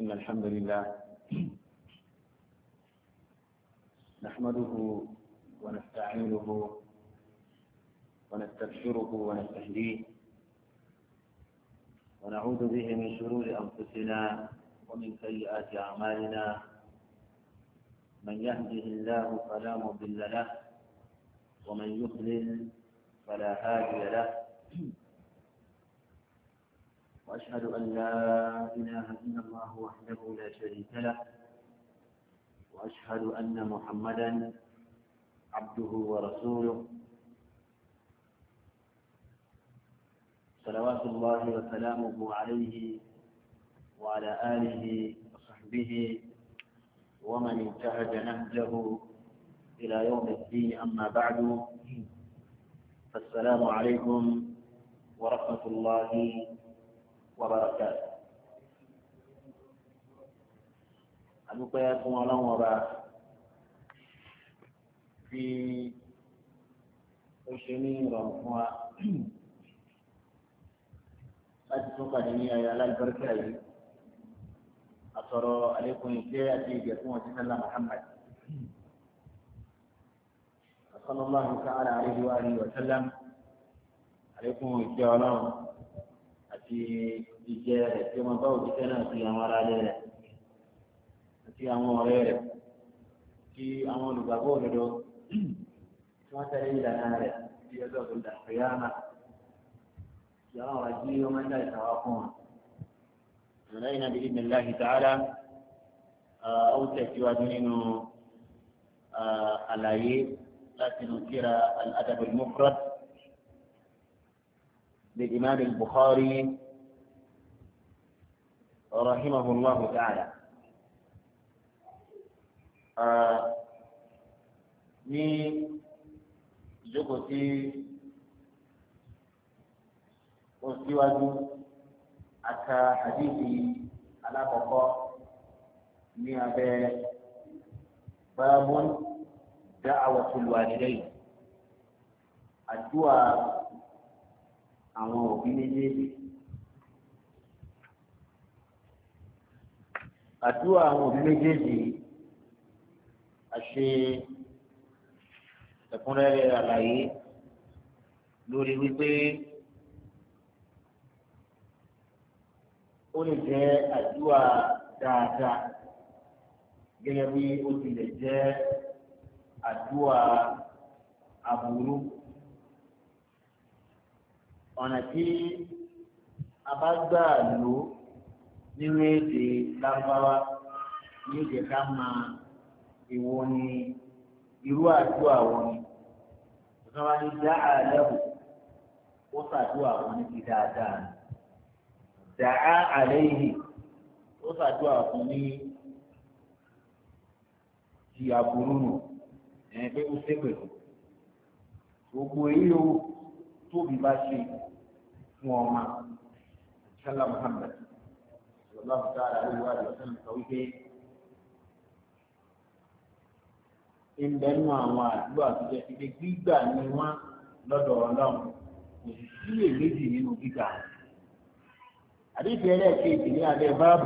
إن الحمد لله نحمده ونستعينه ونستبشره ونستهديه ونعوذ به من شرور أنفسنا ومن سيئات أعمالنا من يهده الله فلا مضل له ومن يضلل فلا هادي له وأشهد أن لا إله إلا الله وحده لا شريك له وأشهد أن محمدا عبده ورسوله صلوات الله وسلامه عليه وعلى آله وصحبه ومن انتهج نهجه إلى يوم الدين أما بعد فالسلام عليكم ورحمة الله وبركاته adúpẹ́ fún ọlọ́run ọba tí ó ṣe ní ìrọ̀rùn fún wa láti tún pàdé ní ayé alágbèrèkà yìí àtọ̀rọ̀ àlékún ìfẹ́ àti ìgbẹ́ fún ọtí sẹ́lá Muhammad sallallahu ta'ala alayhi wa alihi wa sallam àlékún ìfẹ́ ọlọ́run àti. ìjẹ rẹ̀ tí ọmọ bá òjíṣẹ́ náà fi àwọn ará ilé rẹ̀ àti àwọn ọ̀rẹ́ rẹ̀ kí àwọn olùgbàgbọ́ òdodo tí wọ́n tẹ̀lé ìlànà rẹ̀ sí ọjọ́ ìgbìndà ìyáàmà kí àwọn ọ̀rọ̀ jí ọmọ ẹ̀dá ìtàwá fún wọn. علينا بإذن الله تعالى أو تسواد منه àlàyé láti nù kíra الأدب المفرد للإمام البخاري رحمه الله تعالى ní ìjókòó tí ó síwájú àka hadithi alákọ̀ọ́kọ́ ní abẹ́ bábọ́n da'watul walidayn àdúrà àwọn òbí méjèèjì. àdúrà àwọn òbí méjèèjì àṣe ẹ̀kúnrẹ́rẹ́ àlàyé lórí wípé ó lè jẹ́ àdúrà dáadáa gẹ́gẹ́ bí ó ti lè jẹ́ àdúrà aburú ọ̀nà tí a bá gbà lò ó nínú èdè lárúbáwá ní èdè ká máa ìwọ ni irú àdúrà wọn ni ọ̀sán wa ní dá àlẹ́wò ó ṣàdúrà wọn ní ti dáadáa ni dá àlẹ́ yìí ó ṣàdúrà fún ní ti aburú nù ẹ̀ pé ó ṣe pẹ̀lú gbogbo èyí ó tóbi bá ṣe fún ọmọ sálà Muhammad. الله تعالى عليه واله وسلم كويته ان بنوا ما دوا في جيبا نيوا لدو الله وشيء لدي منو جيبا حديث يلا شيء في هذا باب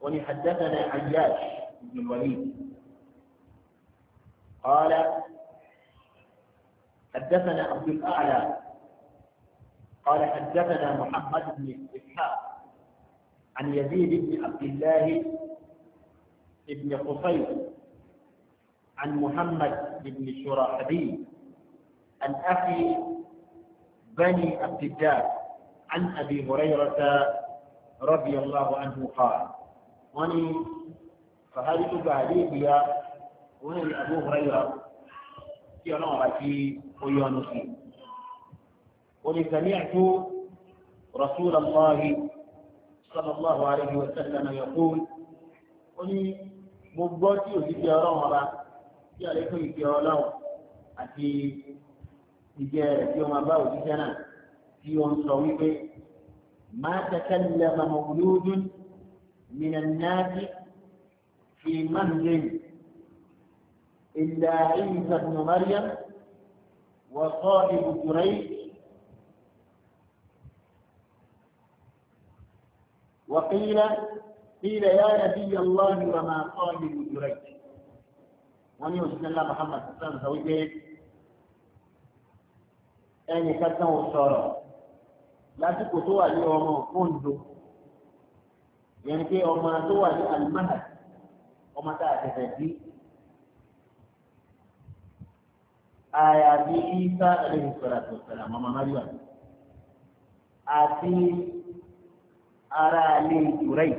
وني حدثنا عياش بن الوليد قال حدثنا عبد الاعلى قال حدثنا محمد بن اسحاق عن يزيد بن عبد الله بن قصي عن محمد بن شراحبيل عن أخي بني عبد الدار عن أبي هريرة رضي الله عنه قال وني فهل تبالي بيا وني أبو هريرة في نورتي ويونسي وني سمعت رسول الله صلى الله عليه وسلم يقول قل مبوتي وفي رمضان يا ليكم في علو àti ìjẹ́ rẹ̀ tí wọ́n bá òṣìṣẹ́ náà tí في sọ wípé ما تكلم مولود من الناس في مهل إلا عيسى ابن مريم وصاحب جريج وقيل قيل يا نبي الله وما قال جريج وني وسن الله محمد صلى الله عليه وسلم ẹnì kankan ò sọ̀rọ̀ lásìkò tó wà ní ọmọ ondo yẹn pé ọmọ tó wà ní alimahad ọmọ tá a tẹ̀tẹ̀ bí àyàfi isa aleyhi sọ̀rọ̀ àti ọ̀sẹ̀rẹ̀ àmọ́ mamariwa àti ara lè jùrẹ́ì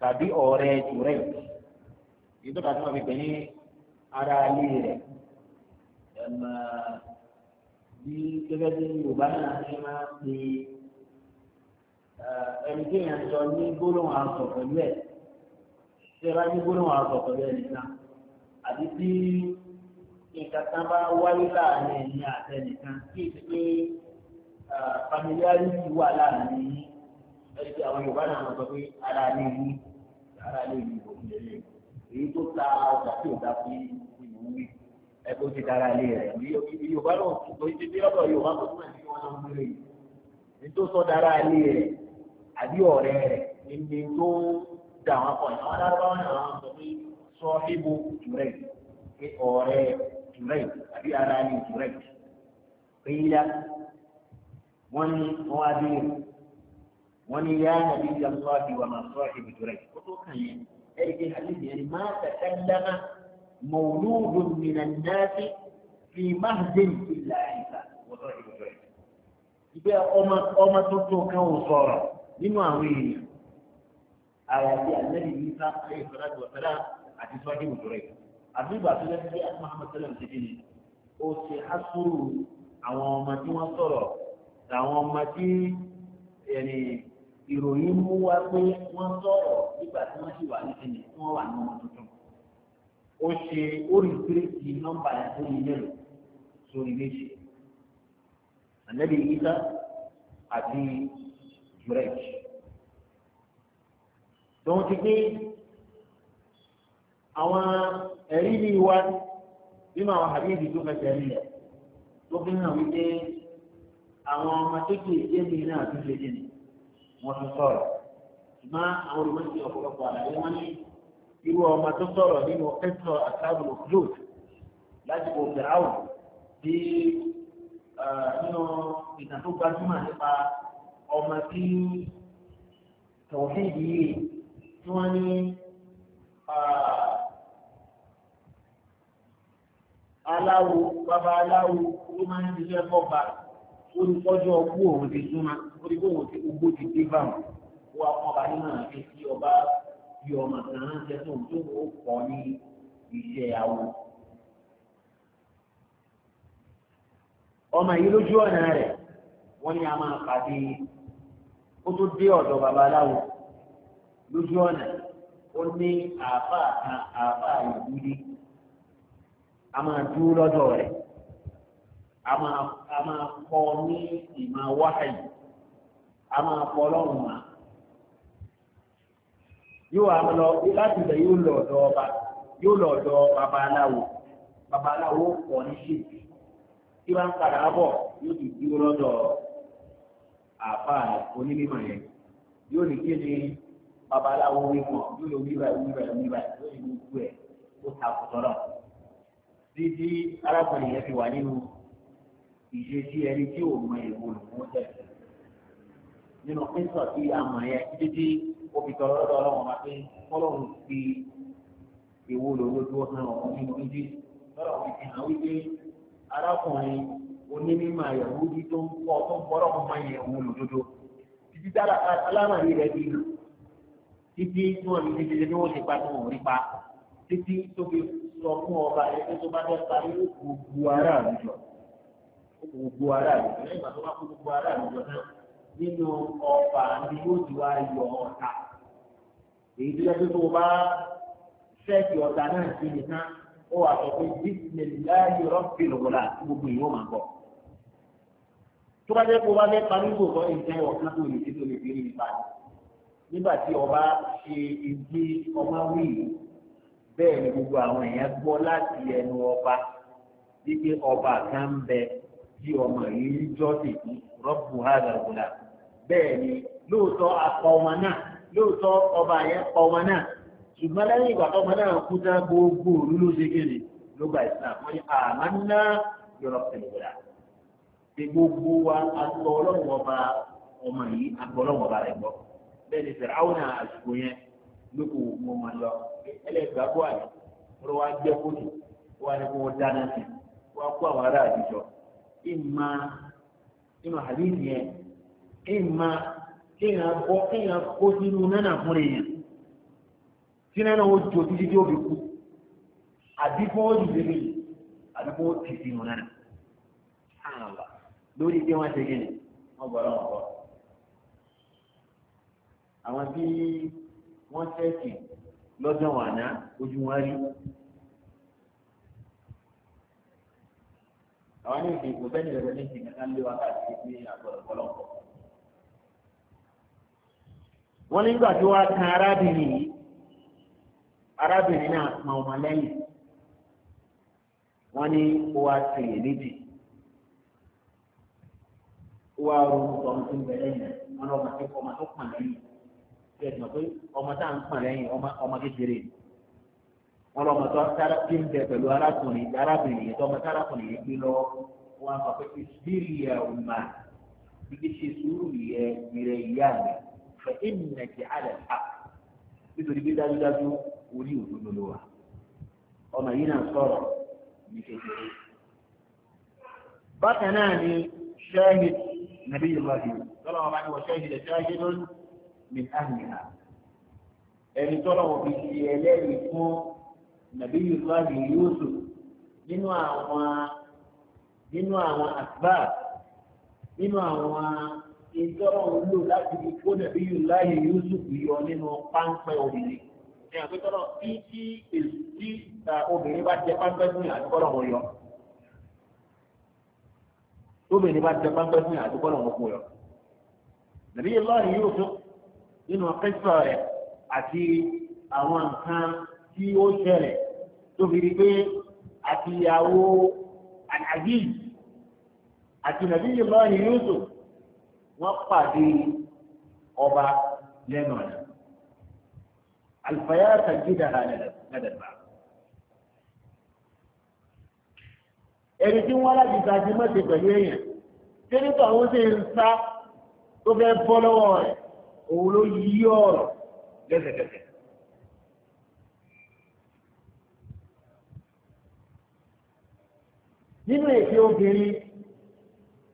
tàbí ọ̀rẹ́ jùrẹ́ì yìí tó kàtó ọ̀gbìn ní ara lè rẹ̀ bí gẹ́gẹ́ bí yorùbá náà ṣe máa pe ẹni tí èèyàn sọ ní gbólóhùn àṣọ pẹ̀lú ẹ̀ tí ẹ bá ní gbólóhùn àṣọ pẹ̀lú ẹ̀ nìkan àti tí nǹkan kan bá wáyé láàárín ẹ̀yìn àtẹnìkan kí ìdílé familiarity wà láàrin yìí ẹni tí àwọn Yorùbá náà sọ pé ara ní yìí ara ní yìí kò ní lè èyí tó ta ọjà tí ò dá fún ìlú wí ẹgbẹ́ ó ti dára lé rẹ̀ Yorùbá náà tó tó ibi lọ́dọ̀ Yorùbá tó túmọ̀ sí wọn lọ ń lè ní tó sọ dára lé rẹ̀ àbí ọ̀rẹ́ rẹ̀ ní tó dà wọn pọ̀ ní wọn náà sọ pé sọ ibo jùrẹ̀ ọ̀rẹ́ jùrẹ̀ àbí ara ní jùrẹ̀ pé wọ́n ní wọ́n á dúró wọ́n ní yá nàbí ìyá sọ́ọ̀tì wà máa sọ́ọ̀tì bìtúrẹ̀ ó tó kàn yẹn ẹ̀rí pé àdìsí ẹni máa tẹ̀kẹ́lẹ́mà mọ̀lúùdùn mìíràn náà sí fi máa dé ìlà ìta wọ́n sọ́ọ̀tì bìtúrẹ̀. ìgbẹ́ ọmọ ọmọ tuntun kan ò sọ̀rọ̀ nínú àwọn èèyàn àyàfi àlẹ́bí yìí ká ayé ìfọdà tó àti sọ́ọ̀tì bìtúrẹ̀ àbí làwọn ọmọ tí ìròyìn mú wá pé wọ́n sọ̀rọ̀ nígbà tí wọ́n sì wà ní ẹnì tí wọ́n wà ní ọmọ tuntun ó ṣe ó rí pírẹ́sì nọ́mbà lórí mélòó sórí méjì ànábì isa àti jurek tòun ti pé àwọn ẹ̀rí bíi wá nínú àwọn àbí ìdí tó fẹsẹ̀ rí tó fi hàn wípé àwọn ọmọ tó jù ìjẹ́ mi náà tún lè dìní wọ́n tún sọ̀rọ̀ ṣùgbọ́n àwọn olùmọ̀sí ọ̀pọ̀lọpọ̀ àlàyé wọn ní irú ọmọ tó sọ̀rọ̀ nínú ẹ̀sọ́ àtàwọn òkúlòt láti kò bẹ̀rẹ̀ àwọn bí nínú ìtàn tó gbajúmọ̀ nípa ọmọ tí tọ̀fíìdì yìí tí wọ́n ní aláwo bàbá aláwo ló máa ń ṣiṣẹ́ fọ́ba olùkọ́jọ́ ọkú òun ti súnmọ́ orí kó òun ti ogbó ti dé bá wọn wọ́n akọba nínú àti tí ọba fi ọmọ kan ránṣẹ́ tó ń tó ń kọ́ ní iṣẹ́ àwọn. ọmọ yìí lójú ọ̀nà rẹ̀ wọ́n ní a máa pàdé ó tó dé ọ̀dọ̀ babaláwo lójú ọ̀nà ó ní àáfàá kan àáfàá ìwúrí a máa dúró lọ́dọ̀ rẹ̀ a máa kọ́ ní ìmọ̀ wáhàyí a máa kọ́ lọ́rùn mà yóò wá lọ láti ibẹ̀ yóò lọ ọ̀dọ̀ ọba yóò lọ ọ̀dọ̀ babaláwo babaláwo kọ́ ní ṣèkì tí wọ́n ń padà bọ̀ yóò ti dúró lọ́dọ̀ àfa onímọ̀ yẹn yóò ní kí ni babaláwo wí mọ̀ yóò lọ wíwá wíwá wíwá yóò ní gbogbo ẹ̀ ó ta kò tọ́lọ̀ títí arákùnrin yẹn ti wà nínú ìṣesí ẹni tí ò mọ èwo lòún tẹ̀lé nínú pínsọ̀ tí a mọ̀ yẹn títí ó fi tọrọ lọ́dọ̀ ọlọ́run wá pé kọ́lọ́run fi èwo lòún dúró hàn ọ̀hún nínú ìdí lọ́dọ̀ fi fi hàn wípé arákùnrin onímọ̀ Yahudi tó ń kọ́ tó ń bọ́rọ̀ mọ́ yẹn òun lòdodo títí dára alámàrí rẹ̀ bí títí tí wọ́n fi títí tí wọ́n ṣe pa tí wọ́n rí pa títí tó fi sọ fún ọba ẹgbẹ́ tó bá fẹ́ parí gbogbo ara àwùjọ gbogbo ara rẹ̀ lẹ́yìn ìgbà tó bá kó gbogbo ara rẹ̀ jọ náà nínú ọba ni yóò ti wá yọ ọ̀tá èyí tó yẹ pé tó bá sẹ́ẹ̀kì ọ̀tá náà sí nìkan ó wà sọ pé bísímẹ̀láyì rọ́pì lọ́wọ́lá gbogbo ìwọ máa bọ̀ tó bá jẹ́ pé o bá fẹ́ parí gbòòtọ́ ìjẹ́ ọ̀kan tó lè ṣe tó lè fi rí nípa nígbà tí ọba ṣe ìdí ọmọ wíì bẹ́ẹ̀ ni gbogbo àwọn èèyàn gbọ́ láti ẹnu ọba wípé ọba kan bẹ́ẹ̀ bí ọmọ yìí jọ́ tèmi rọ́pù hàgàgùlà bẹ́ẹ̀ ni lóòótọ́ akọ ọmọ náà lóòótọ́ ọba yẹn kọ ọmọ náà ṣùgbọ́n lẹ́yìn ìgbà tọ́mọ náà kú tán gbogbo òru ló ṣe kéde ló gba ìsìlá wọ́n ní àmà ńlá yọ̀rọ̀ pẹ̀lúwẹ̀lá ṣe gbogbo wa akọ ọlọ́wọ́ ọba ọmọ yìí akọ ọlọ́wọ́ ọba rẹ̀ gbọ́ bẹ́ẹ̀ ni fẹ̀rẹ̀ àwọn àṣùkò yẹn ló kò mọ ọmọ lọ ẹlẹ́gbàgbọ́ àná wọ́n wá gbẹ́ kó ìmà ìmà àdéhùn yẹn ìmà kéèyàn kó sínú nánà fún èèyàn tí nánà ó jò títí tí ó fi kú ó mi ó ti sínú nánà lórí pé wọ́n ṣe wọ́n bọ́ àwọn ní ìdí kò bẹ́ẹ̀ ni ìrẹ̀lẹ̀ ní ìdí kankan lé wa káàkiri ní àgbọ̀dọ̀gbọ̀lọ̀. wọ́n nígbà tí wọ́n kan arábìnrin yìí arábìnrin náà pọn ọmọ lẹ́yìn wọ́n ní kó wá sí èlédì kó wá ronú tọ́mọ tó ń bẹ lẹ́yìn wọn ní ọmọ tó pọn lẹ́yìn ọmọ tó ń pọn lẹ́yìn ọmọ kékeré ni wọn lọ mọtò sára tí ń bẹ pẹ̀lú arákùnrin arábìnrin yẹn tọmọ sárakùnrin yẹn gbé lọ wọn kọ pé ìsírí yẹ ọmọ ibi ṣe sùúrù yẹ ìrẹ ìyá rẹ fẹ ẹnì nàìjíríà alẹ ha nítorí bí dájúdájú orí òdodo ló wà ọmọ yìí náà sọ̀rọ̀ ní kékeré bákan náà ni ṣáhid nàbí yorùbá tọ́lọ́ bá ní wọ́n ṣáhid ṣáhid lónìí ní àhìnà ẹni tọ́lọ́ wọn fi ẹlẹ́rìí fún nàbí yusuf yusuf nínú àwọn nínú àwọn àgbà nínú àwọn ìjọba òun lò láti fi kó nàbí yusuf yọ nínú páńpẹ́ obìnrin ní àpéjọ́rọ̀ tí tí tí obìnrin bá jẹ páńpẹ́ fún yàrá àdúgbọ́dọ̀ wọn yọ. obìnrin bá jẹ páńpẹ́ fún yàrá àdúgbọ́dọ̀ wọn kò yọ. nàbí lọ́ọ̀rì yóò tún nínú akẹ́kọ̀ọ́ rẹ̀ àti àwọn nǹkan tí ó ṣẹlẹ̀ tó fi rí pé àti ìyàwó Al-Aziz àti Nabiyullahi Yusuf wọ́n pàdé ọba lẹ́nu ọ̀nà àlùfáyà sàgídà lẹ́dẹ̀ẹ́dẹ́gbà. ẹni tí wọ́n láti gbàdí mọ́tò pẹ̀lú èèyàn tí nípa àwọn ṣe ń sá tó fẹ́ bọ́ lọ́wọ́ rẹ̀ òun ló yí ọ̀rọ̀ lẹ́sẹ̀kẹsẹ̀. nínú èdè obìnrin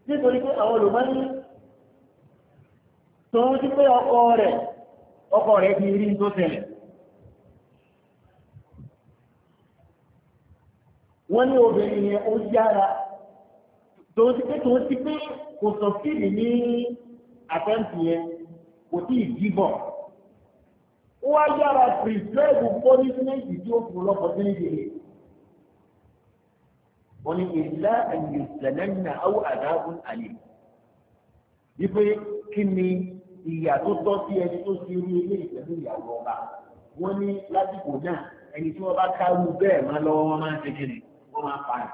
nítorí pé àwọn olùmọ́ni tó ń jí pé ọkọ rẹ̀ ọkọ rẹ̀ ti rí tó tẹ̀lẹ̀ wọ́n ní obìnrin yẹn ó yára tó ń pé tó ń pé kò sọ fíìmù ní àtẹ́ǹtì yẹn kò tí ì jíbọ̀ ó wá yára pírísẹ́ẹ̀bù tí wọ́n ní ìlà ẹ̀yẹ̀sẹ̀lẹ́nà áwọ̀ àdáàbùn àlè wípé kí ni ìyà tó tọ́ sí ẹni tó ṣe ní ilé ìpẹ̀lú ìyàwó ọba wọ́n ní lásìkò náà ẹni tí wọ́n bá kárú bẹ́ẹ̀ máa lọ́wọ́ wọn máa ṣe kíni wọ́n máa pa ẹ̀.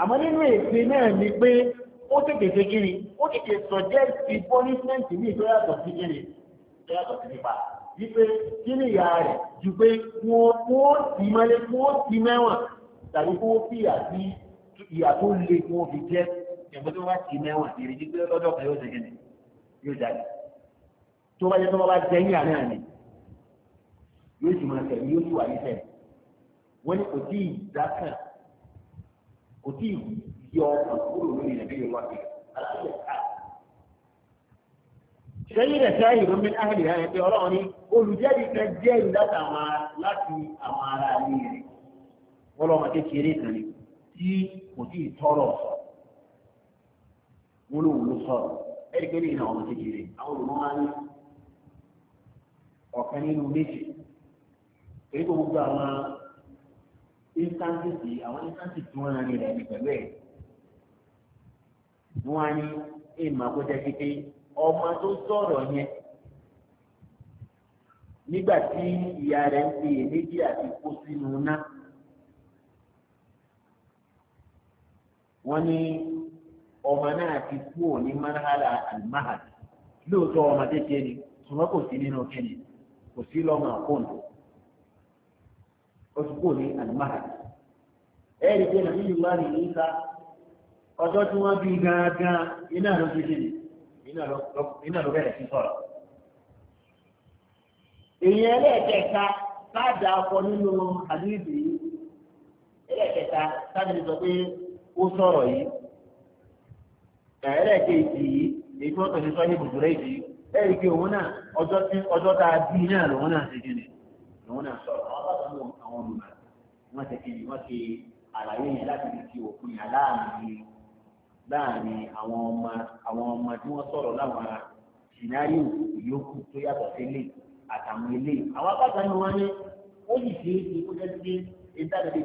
àmọ́ nínú èpè náà ni pé ó tètè ṣe kíni ó tètè sọ̀jẹ́ ti pọ́nísẹ́ǹtì ní ìtọ́yàtọ̀ sí kíni ìtọ́yàtọ̀ sí nípa wípé kíni ìyá rẹ̀ ju pé wọ́n ti mọ́lé wọ́n ti mẹ́wọ̀n tàbí kó fi àti ìyà tó le kó fi jẹ́ ẹ̀gbọ́n tó bá ti mẹ́wọ̀n èrè ní pé lọ́jọ́ kan yóò jẹ́gẹ́ yóò jáde tó bá jẹ́ tó bá jẹ́ yín àárín àárín yóò sì máa tẹ̀lé yóò sì wà ní tẹ̀lé wọ́n ní kò tí ì dákàn kò tí ì yọ ọkàn kúrò lórí ìrìnàjò wa fi àlàyé sẹ́yìn rẹ̀ sẹ́yìn ìlú mi áhìlì rẹ̀ pé ọlọ́run ní olùjẹ́bi kan jẹ́ ìdáta láti àwọn ará ilé rẹ̀ wọ́n lọ́mọ kékeré kan ni tí kò tí ì tọ́rọ̀ sọ wọ́n lòun ló sọ̀rọ̀ ẹ̀rí pé nìyẹn ọmọ kékeré àwọn olùmọ́ máa ń ní ọ̀kan nínú méjì èyí kò gbogbo àwọn instances yìí àwọn instances tí wọ́n rán ní rẹ̀ ní pẹ̀lú ẹ̀ wọ́n á ní ìmọ̀ àkójọ kékeré ọmọ tó sọ̀rọ̀ yẹn nígbà tí ìyá rẹ̀ ń fi èméjì àti kó sínú náà. wọ́n ní ọmọ náà ti kú òní manahala almahad lóòótọ́ ọmọdé ṣe ni ṣùgbọ́n kò sí nínú kẹ́ni kò sí lọ́mọ àkóńtò oṣù kò ní almahad ẹ̀rí pé nàbí yorùbá ní ìlíka ọjọ́ tí wọ́n bí gángan iná ló ti dé iná ló bẹ̀rẹ̀ sí sọ̀rọ̀ èèyàn ẹlẹ́ẹ̀kẹta sáàdà akọ nínú àdúgbò yìí ẹlẹ́ẹ̀kẹta sáàdà sọ pé ó sọ̀rọ̀ yìí ẹ̀ẹ́dẹ̀kejì yìí èyí tó tẹ̀lé sọ ní bùbùrẹ́ yìí ẹ̀rí pé òun náà ọjọ́ tí ọjọ́ tá a bí náà lòun náà ṣe jìnnì lòun náà sọ̀rọ̀ àwọn bàbá mi àwọn olùmọ̀ wọ́n ti kiri wọ́n ti àlàyé yẹn láti fi ti òkun yà láàrin láàrin àwọn ọmọ àwọn ọmọ tí wọ́n sọ̀rọ̀ láwọn sìnárì ìyókù tó yàtọ̀ sí ilé àtàwọn ilé àwọn apáta ni wọ́n ní ó yìí ṣe é ṣe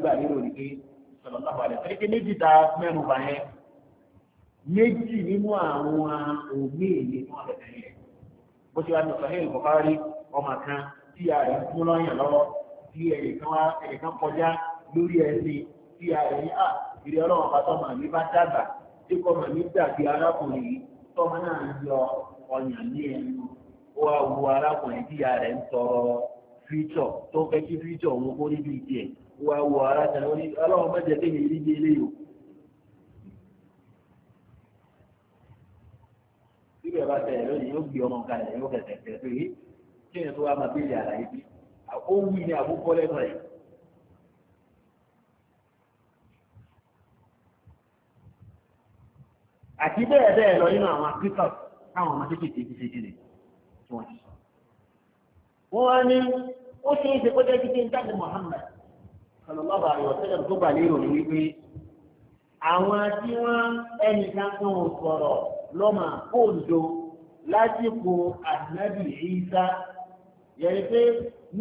kó jẹ́ sọlọ́láwà rẹ̀ pé méjì ta mẹ́rin bá yẹn méjì nínú àwọn òmí ìlú wọn rẹ̀ tẹ̀lé bó ṣe wá ní ọ̀sán ìlú bọ̀kárí ọmọ kan tí a rẹ̀ fún lọ́yàn lọ́wọ́ tí ẹ̀yẹ̀kan kọjá lórí ẹ̀sìn tí a rẹ̀ ní à ìrẹ̀ ọlọ́run bá tọ́mọ mi bá dàgbà tí kọ́mọ mi dàbí arákùnrin yìí tọ́mọ náà ń yọ ọ̀yàn ní ẹnu ó wá wo arákùnrin tí a rẹ̀ ń tọrọ fíjọ tó fẹ́ kí wa wò ara tẹ̀ wọ́n ní ọlọ́run mẹ́jẹ kéèyàn ilé bí síbẹ̀ bá tẹ̀ lónìí yóò gbé ọmọ nǹkan ẹ̀ yóò kẹsẹ̀ tẹ̀ kí ni tó wá máa béèrè àlàyé bí ó wù ní àkókò lẹ́nu àti bẹ́ẹ̀ bẹ́ẹ̀ lọ nínú àwọn akíkọ̀ táwọn ọmọ ti ṣe Muhammad sọlọ́lọ́bà àríwọ̀ tẹ́lẹ̀ tó gbà lérò ní wípé àwọn tí wọ́n ẹnì kan tó ń sọ̀rọ̀ lọ́mà kóòdó lásìkò ànábì Ìsá yẹni pé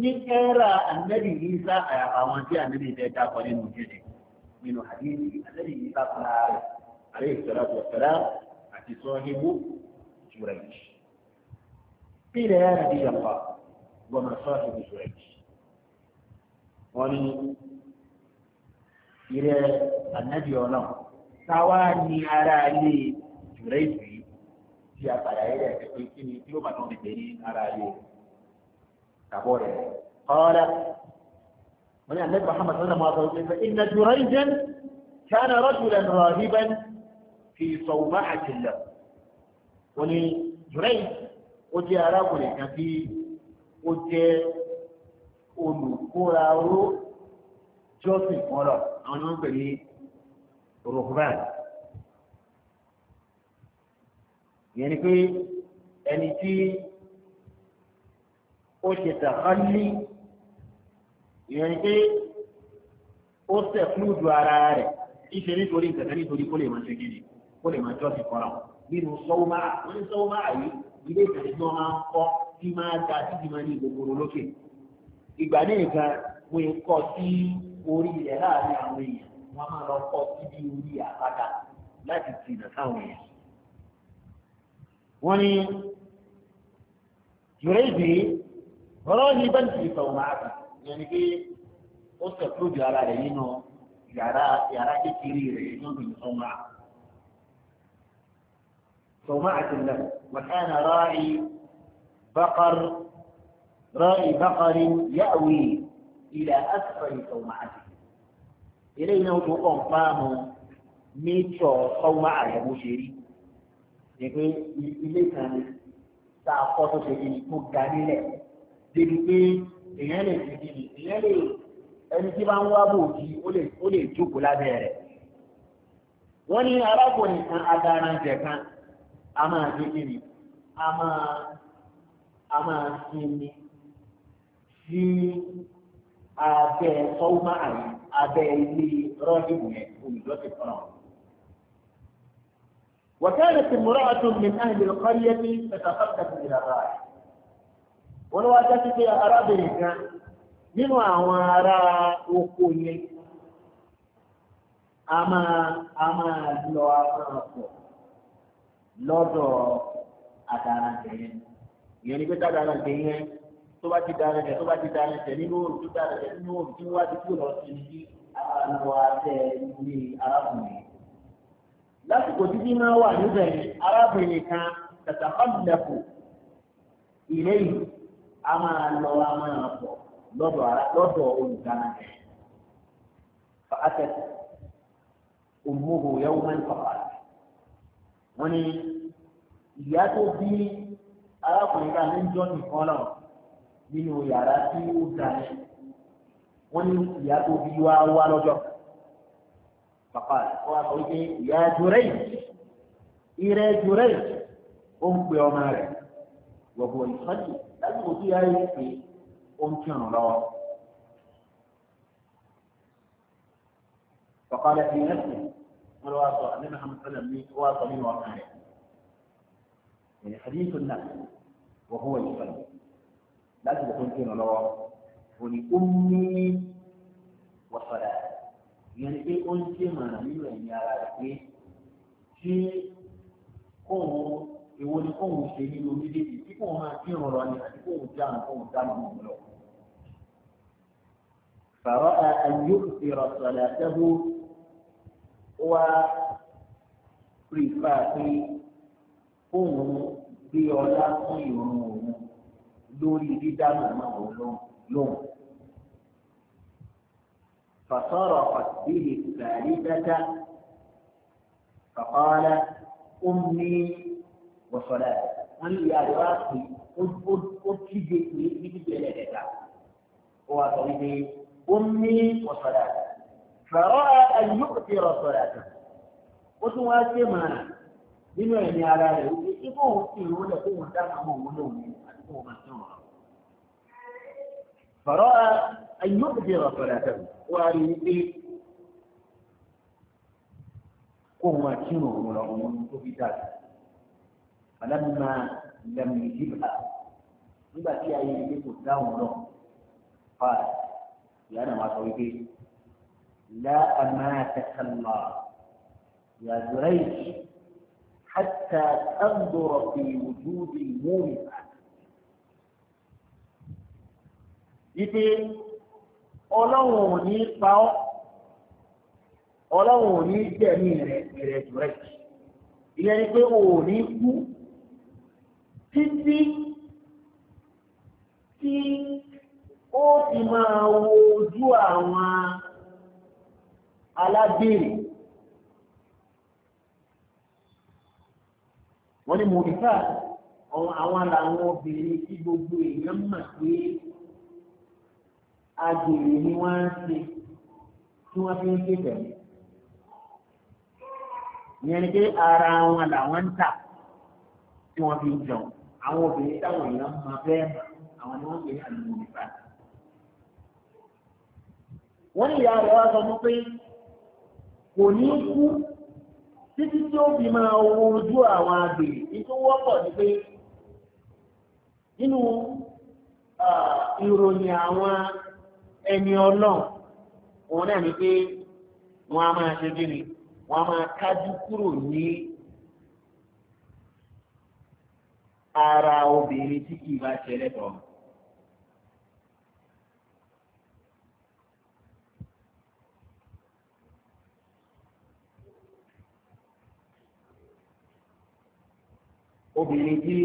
ní ẹ́rà ànábì Ìsá àwọn tí ànábì ìfẹ́ dákọ̀ nínú jẹ́jẹ nínú àdéhìí ànábì Ìsá fúnra rẹ̀ àrẹ́ ìṣẹ̀lá tọ̀tẹ̀lá àti sọ́hìbú jùrẹ̀jì. قيل يا نبي الله وما صاحب جريج ولي ilẹ̀ ànẹ́bí ọ̀nà ní ara ilé ìrẹ́ ìlú yìí tí a padà yẹ ẹ̀ pé kí ni kí ló bá tó ń pè ní ara ilé kàbọ̀ rẹ̀ ti o ba to wọ́n ní ànábì Muhammad sọ́nà máa sọ pé inna Jurayjan kana rajulan rahiban fi sawma'atin lahu wọ́n ní Jurayj ó jẹ́ arákùnrin kan bí ó jẹ́ olùkóra oró jọ́sìn kan àwọn ni wọ́n pè ní rukban yẹn ni pé ẹni tí ó ṣe tàkàlì yẹn ni pé ó sẹ̀kúlùdù ara rẹ̀ ìṣe nítorí nǹkan nítorí kó lè máa ṣe gidi kó lè máa jọ́sìn kọ́ra nínú sọ́wọ́mà wọ́n ní sọ́wọ́mà yìí ilé ìtàgé tí wọ́n máa ń kọ́ tí máa da títí máa ní gbogbo lókè ìgbà ní nǹkan wọ́n kọ́ sí orí ilẹ̀ láàrin àwọn èèyàn wọ́n máa lọ kọ́ síbi orí àpáta láti tìǹà sáwọn èèyàn. wọ́n ní yòrè ìgbé ọ̀rọ̀ ní bẹ́ẹ̀ ti sọ̀rọ̀ máa bì yẹn ni pé ó sọ̀tòjù ara rẹ̀ nínú yàrá yàrá kékeré rẹ̀ nínú ìsọ̀mà. صومعة له وكان راعي بقر راعي بقر يأوي ilẹ̀ asọ̀rọ̀ ìtọ̀wọ̀n àti. eléyìí náà tó kàn fáàmù nítsọ̀ kọ́wá àyẹ̀wò ṣe rí ni pé ilé kan ní tá a kọ́ tó ṣe ní tó ga nílẹ̀ débi pé èèyàn lè fi kí ni èèyàn lè ẹni tí bá ń wá bòójì ó lè jókòó lábẹ́ rẹ̀ wọ́n ní arákùnrin kan agaranjẹ kan a máa ṣe kí ni a máa a máa sinmi sí abẹ́ sọ́wọ́mọ́ àyè abẹ́ ilé rọ́ọ̀dìmù yẹn olùdókè fúnra wọn. وكانت امرأة من أهل القرية تتخطف إلى الراعي ولو أتت إلى أرابيك nínú àwọn ará oko yẹn a máa a máa lọ àpapọ̀ lọ́dọ̀ àdàràǹdè ìyẹn ni pé tàdàràǹdè yẹn tó bá ti darẹ̀ jẹ tó bá ti darẹ̀ jẹ nínú òòrùn tó darẹ̀ jẹ nínú òòrùn tí wọ́n ti kú lọ sí ní àwọn àtẹ ilé arákùnrin. lásìkò títí máa wà níbẹ̀ ni arábìnrin kan tàtàkọ́dùlẹ̀kù ilé yìí a máa lọ a máa pọ̀ lọ́dọ̀ olùdáná rẹ̀. فأتت أمه يوما فقالت wọ́n ní ìyá tó bí arákùnrin ká ní jọ́ nìkan lọ́wọ́ nínú yàrá tí ó ga wọ́n ní ìyá tó bí wá wá lọ́jọ́ bàbá wọn wá sọ wípé ìyá jùrẹ́ ìrẹ́ jùrẹ́ ó ń pe ọmọ rẹ̀ wọ̀bọ̀ ìfọ́jì lásìkò tí ìyá yìí pé ó ń kírun lọ́wọ́. فقال في نفسه قال واصل النبي محمد صلى الله عليه وسلم واصل من وقعه يعني حديث النفس وهو يصلي láti lè fún kírun lọ́wọ́ òní ó ní wọ́sọ̀dà ìyẹn ni pé ó ń ṣe mọ̀ràn nínú ẹ̀yìn ara rẹ̀ pé ṣé kóun èwo ni kóun ṣe nínú méjèèjì tí kóun máa kírun lọ ni àti kóun já àwọn kóun dá àwọn ọmọ lọ. فرأى أن يكثر صلاته و prefer pé kóun gbé ọlá fún ìrun òun lórí dídáná náà lóhùn. فصرخت به الثالثة فقال أمي وصلاتي wọ́n lè yà wá pé ó kígbe pé níbi ìbẹ̀rẹ̀ ẹ̀ka. Ó wà sọ wípé ó ní ọ̀sọ̀dà. Fẹ̀rọ ayé kò ti rọ̀ sọ̀dà kan. Ó tún wá ṣe màrà nínú ẹ̀mí ara rẹ̀ wípé ibò òun sì ń wọlé kó wọn dáná mọ́ òun lóun ní ومسجورا فراى ان يبدر صلاته وان قوم شنو ولا قوم أمم تفتات فلما لم يجبها يبقى في اي شيء قدام ولا قال يا انا ما سويتي لا اماتك الله يا زريش حتى تنظر في وجود المولد wípé ọlọ́run ò ní pa ọ́ ọlọ́run ò ní gbẹ̀mí rẹ̀ rẹ̀ rẹ̀ ìyẹn ni pé ò ní kú títí tí ó fi máa wo ojú àwọn alágbèrè wọ́n ní mo káà àwọn làwọn obìnrin tí gbogbo èèyàn mọ̀ pé àgbèrè ni wọ́n ń ṣe tí wọ́n fi ń ni pé ara wọn làwọn ń tà tí wọ́n fi ń jẹun àwọn obìnrin táwọn èèyàn máa fẹ́ àwọn ni wọ́n ń nípa. wọ́n ní ìyá rẹ̀ wá sọ fún pé kò ní kú títí tí ó fi máa wo ojú àwọn àgbèrè nítorí wọ́pọ̀ ẹni ọlọ́run òun náà ni pé wọ́n á máa ṣe gíní wọ́n á máa kájú kúrò ní ara obìnrin tí kì í bá ṣe lẹ́tọ̀ọ́. obìnrin tí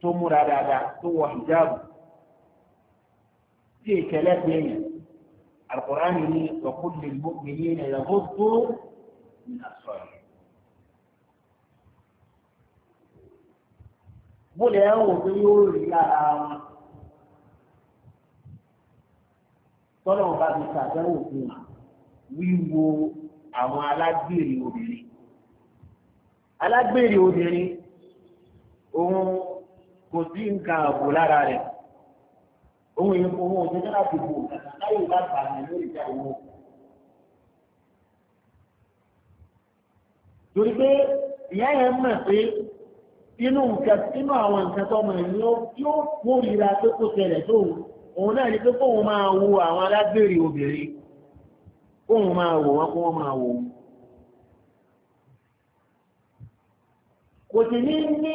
tó múra dáadáa tó wọ hijabu tí ìkẹlẹ́ pé وكل المؤمنين ní ọkùnrin gbogbo yìí يا ẹ̀yà gbogbo nínú àṣọ yìí. bóde ẹ wò pé yóò rí lára wọn bá fi ṣàbẹ̀wò fún wa wíwo àwọn alágbèrè obìnrin alágbèrè obìnrin òun kò sí nǹkan ààbò lára rẹ̀ òun èyí owó òṣèlú láti bò kàkà láyé bá gbà mí lórí ìjà owó. torí pé ìyá yẹn mọ̀ pé inú nǹkan inú àwọn nǹkan tó mọ̀ ní yóò kórìíra pé kó tẹ̀lẹ̀ tó òun náà ni pé kóun máa wo àwọn alágbèrè obìnrin kóun máa wò wọ́n kó wọ́n máa wò wọ́n. kò sì ní ní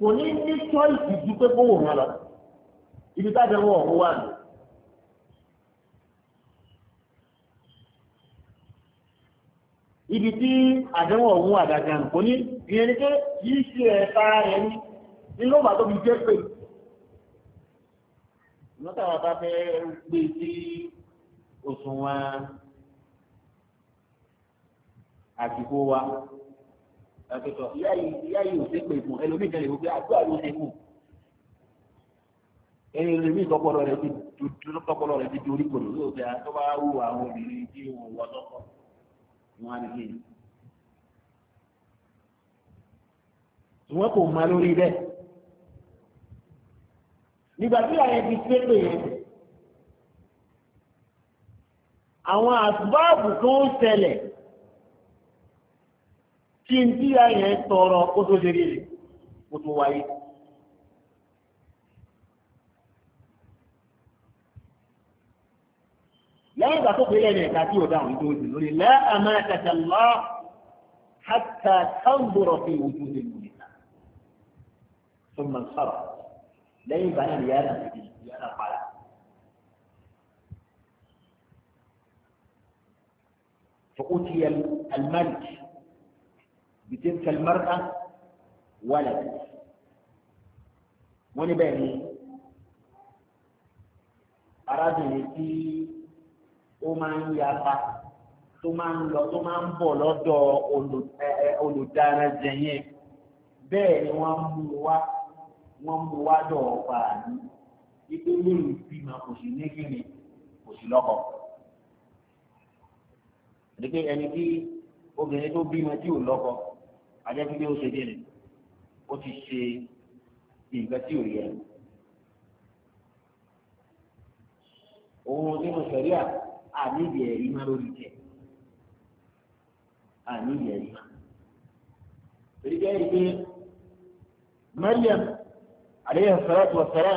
kò ní ní tọ́ ìtìjú pé kó wò wọ́n lọ ibi tájẹwọ́ ọ̀hún wà ní. ibi tí àdẹ́wọ̀ ọ̀hún wà dáadáa kò ní ìyẹn ni pé yìí ṣe ẹ̀ta rẹ̀ ní nínú ọ̀bà tó fi jẹ́ pé lọ́tàwà bá fẹ́ gbé sí òṣùwọ̀n àsìkò wa ẹ̀kẹ́tọ̀ ìyá yìí ò ṣe pé fún ẹlòmíì jẹ́ ìwé pé àdúrà ló ṣe fún un ẹni olórí ìtọ́pọ̀lọ́ rẹ̀ ti dúdú tọ́pọ̀lọ́ rẹ̀ ti di oríkòló yóò fi àtọ́ bá wù àwọn obìnrin tí wọ́n wọ́ lọ́kọ̀ wọn á nìyí. ṣùgbọ́n kò má lórí bẹ́ẹ̀. nígbà tí àyẹ̀ ti pé pé yẹn àwọn àsùbáàbù tó ń ṣẹlẹ̀ tí ń tí àyẹ̀ tọrọ kó tó ṣe rí rè kó tó wáyé. لن تطلق إليه كافي وداع وجود الولي لا أماتك الله حتى تنظر في وجود الولي ثم انصرف لن يبقى أنا ليالا في ليالا قال فأتي الملك بتلك المرأة ولد وني أراد أن يأتي tó máa ń yapa tó máa ń lọ tó máa ń bọ̀ lọ́dọ̀ olùdarajẹ yẹn bẹ́ẹ̀ ni wọ́n mú wá wọ́n mú wá dọ̀ ọ̀pá àní ipe lórí ìbímọ kò sí nígbìmí kò sí lọ́kọ̀. Àdìpé ẹni tí obìnrin tó bímọ tí ò lọ́kọ̀ ajẹ́pípé ó ṣe dé ni ó ti ṣe nǹkan tí ò yẹ. Òun nínú sẹ̀ríà àníbi ẹ̀rí má lórí jẹ àníbi ẹ̀rí má. torí jẹ́ ìgbé Mariam sara sàrátù sara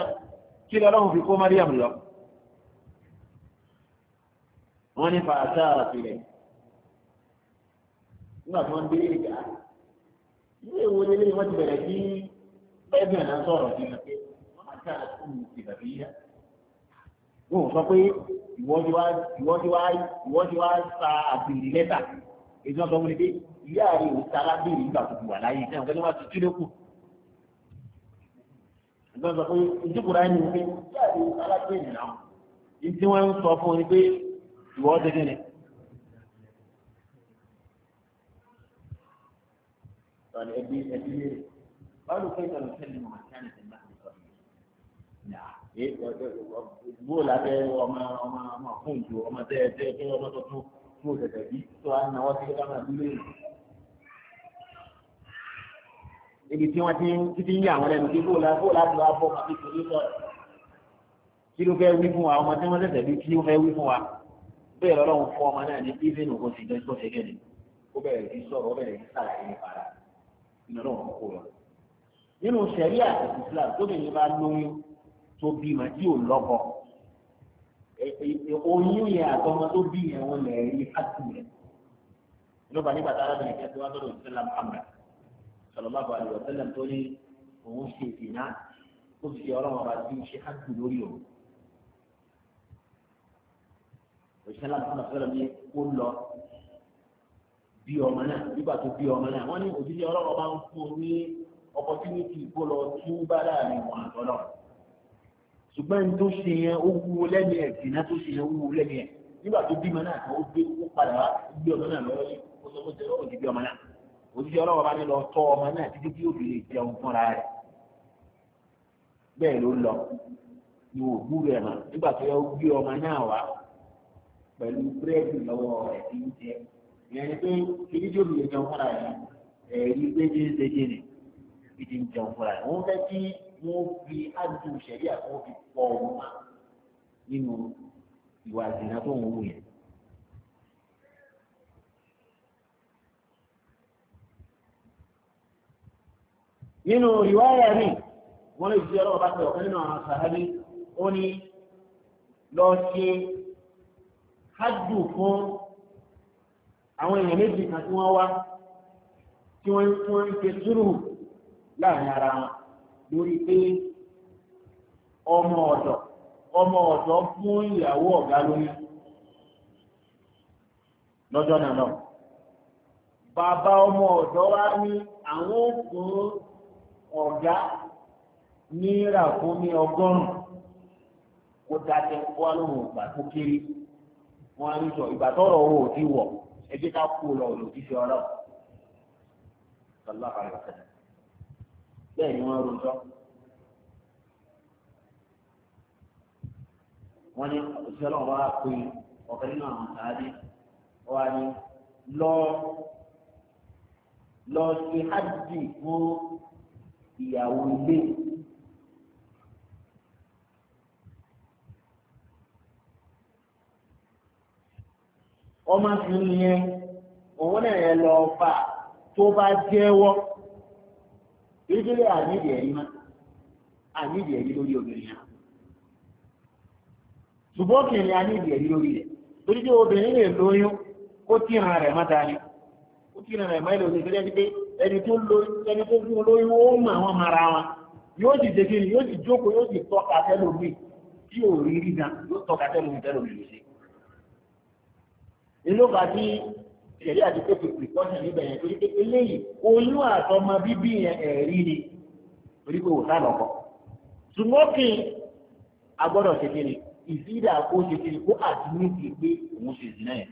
kí lọ́lọ́run fi kó Mariam lọ. wọ́n ní fàáṣà àtìlẹ̀ nígbà tí wọ́n dé ìgbà ilé ìwé lélẹ́yìn wọ́n ti bẹ̀rẹ̀ ni sí ẹgbẹ̀rún bere si egbe pé sí i pé wọ́n máa ṣáà kú ìbàbí yá. wọn sọ pé ìwọ ti wá sa àbìrì lẹ́tà èyí wọn sọ wọn ni pé ìyá rẹ ò ta lábìrì nígbà tó ti wà láyé náà wọn wá ti tú lókù ìgbọ́n sọ pé ìjókòrá ẹni pé ìyá rẹ ò ta lábìrì náà ní tí wọ́n ń sọ fún ni pé ìwọ ti dín ni. قال أبي أبي قالوا كيف نكلم من كانت المهد صغيرة نعم bó o ọmọ ọmọ ọmọ fún ìjọ ọmọ tẹ́ ẹ tẹ́ ẹ tẹ́ ọmọ tuntun fún òṣèlè bí tó a náwó sí ká máa dúró yìí. ibi tí wọ́n ti ń títí ń yà wọ́n lẹ́nu pé bó o lábẹ́ láti wá bọ́ ọmọ kékeré sọ̀rọ̀ kí ló fẹ́ wí fún wa ọmọ tí wọ́n ṣẹ̀ṣẹ̀ bí kí ló fẹ́ wí fún wa bẹ́ẹ̀ lọ́lọ́run fún ọmọ náà ní bíbélì kò sì lọ́jọ́ ṣẹ́gẹ́lì tó bímọ tí ò lọ́kọ oyún yẹn àtọmọ tó bí yẹn wọn lè rí fásitì rẹ ló bá nígbà tára bẹ̀rẹ̀ kẹ́kẹ́ wọn lọ́dọ̀ ìṣẹ̀lẹ̀ Muhammad sallallahu alaihi wa sallam tó ní òun ṣe ìdìnnà ó fi ọlọ́run ọba tí ń ṣe fásitì lórí òun òṣìṣẹ́ lásán fẹ́rẹ̀ mi kó lọ bí ọmọ náà nígbà tó bí ọmọ náà wọ́n ní òjijì ọlọ́run ọba ń fún ní opportunity kó lọ tún bá láàrin wọn àtọ́lọ́run ṣùgbọ́n ní tó ṣe yẹn ó wúwo lẹ́nu ẹ̀ dìnnà tó ṣe yẹn ó wúwo lẹ́nu ẹ̀ nígbà tó bímọ náà kan ó gbé ó padà wá gbé ọmọ náà lọ́wọ́ yìí ó sọ fún ṣe ó ti bí ọmọ náà òṣìṣẹ́ ọlọ́wọ́ bá ní lọ tọ́ ọmọ náà títí tí òbí lè jẹun fúnra rẹ̀ bẹ́ẹ̀ ló lọ ni wò gbú rẹ̀ mà nígbà tó yẹ ó gbé ọmọ náà wá pẹ̀lú búrẹ́dì lọ́wọ́ rẹ̀ tí ń jẹ ìyẹn ni pé kìíní tí òbí lè jẹun fúnra rẹ̀ ẹ̀rí pé kí ń ṣe kí ni kí ti ń jẹun fúnra rẹ̀ òun fẹ́ kí wọ́n fi ádùn ìṣẹ̀lí àkọ́ fi pọ̀ ọ́n nínú ìwà ìdènà tó ń wù yẹn. nínú ìwáyà mi wọ́n lè fi ọlọ́wọ́ bá tẹ̀ ọ̀kan nínú àwọn sàhábí ó ní lọ ṣe hajj fún àwọn èèyàn méjì kan tí wọ́n wá tí wọ́n ń láàrin ara wọn. lórí pé ọmọ ọ̀dọ̀ ọmọ ọ̀dọ̀ fún ìyàwó ọ̀gá lóyún lọ́jọ́ náà lọ. Bàbá ọmọ ọ̀dọ̀ wá ní àwọn òkun ọ̀gá ní ràkúnmí ọgọ́rùn-ún kó dájẹ́ wá lóhùn ìgbà tó kéré wọn á ní sọ ìgbà tọrọ owó òdì wọ ẹgbẹ́ ká kú lọ òdì sí ọlọ́run. Sọlá àbáyọ̀ sẹ́yìn bẹ́ẹ̀ ni wọ́n rojọ́. wọ́n ní òṣìṣẹ́ ọlọ́run wá pé ọ̀kan nínú àwọn sáré wá ní lọ lọ ṣe hajj fún ìyàwó ilé. ọmọ fi ń yẹn òun náà yẹn lọ fà tó bá jẹ́wọ́. ìdílé àníìdì ẹ̀rí má àníìdì ẹ̀rí lórí obìnrin náà ṣùgbọ́n kìnìún àníìdì ẹ̀rí lórí rẹ̀ torí pé obìnrin lè lóyún ó tíran rẹ̀ má dání ó tíran rẹ̀ má lóyún tó dẹ́ni pé ẹni tó fún lóyún ó mọ àwọn mara wọn yóò sì dé kiri yóò sì jókòó yóò sì tọ́ka tẹ́lómi tí ò rí rí yóò ṣẹ̀rí àti pé precaution níbẹ̀ yẹn torí pé eléyìí oyún àtọmọ bíbí yẹn ẹ̀rí ni torí pé òòtá lọ́kọ̀ smoking agbọ́dọ̀ ṣe kiri ìsídà kó ṣe kiri kó àdínítì pé òun ṣe ìsìn náà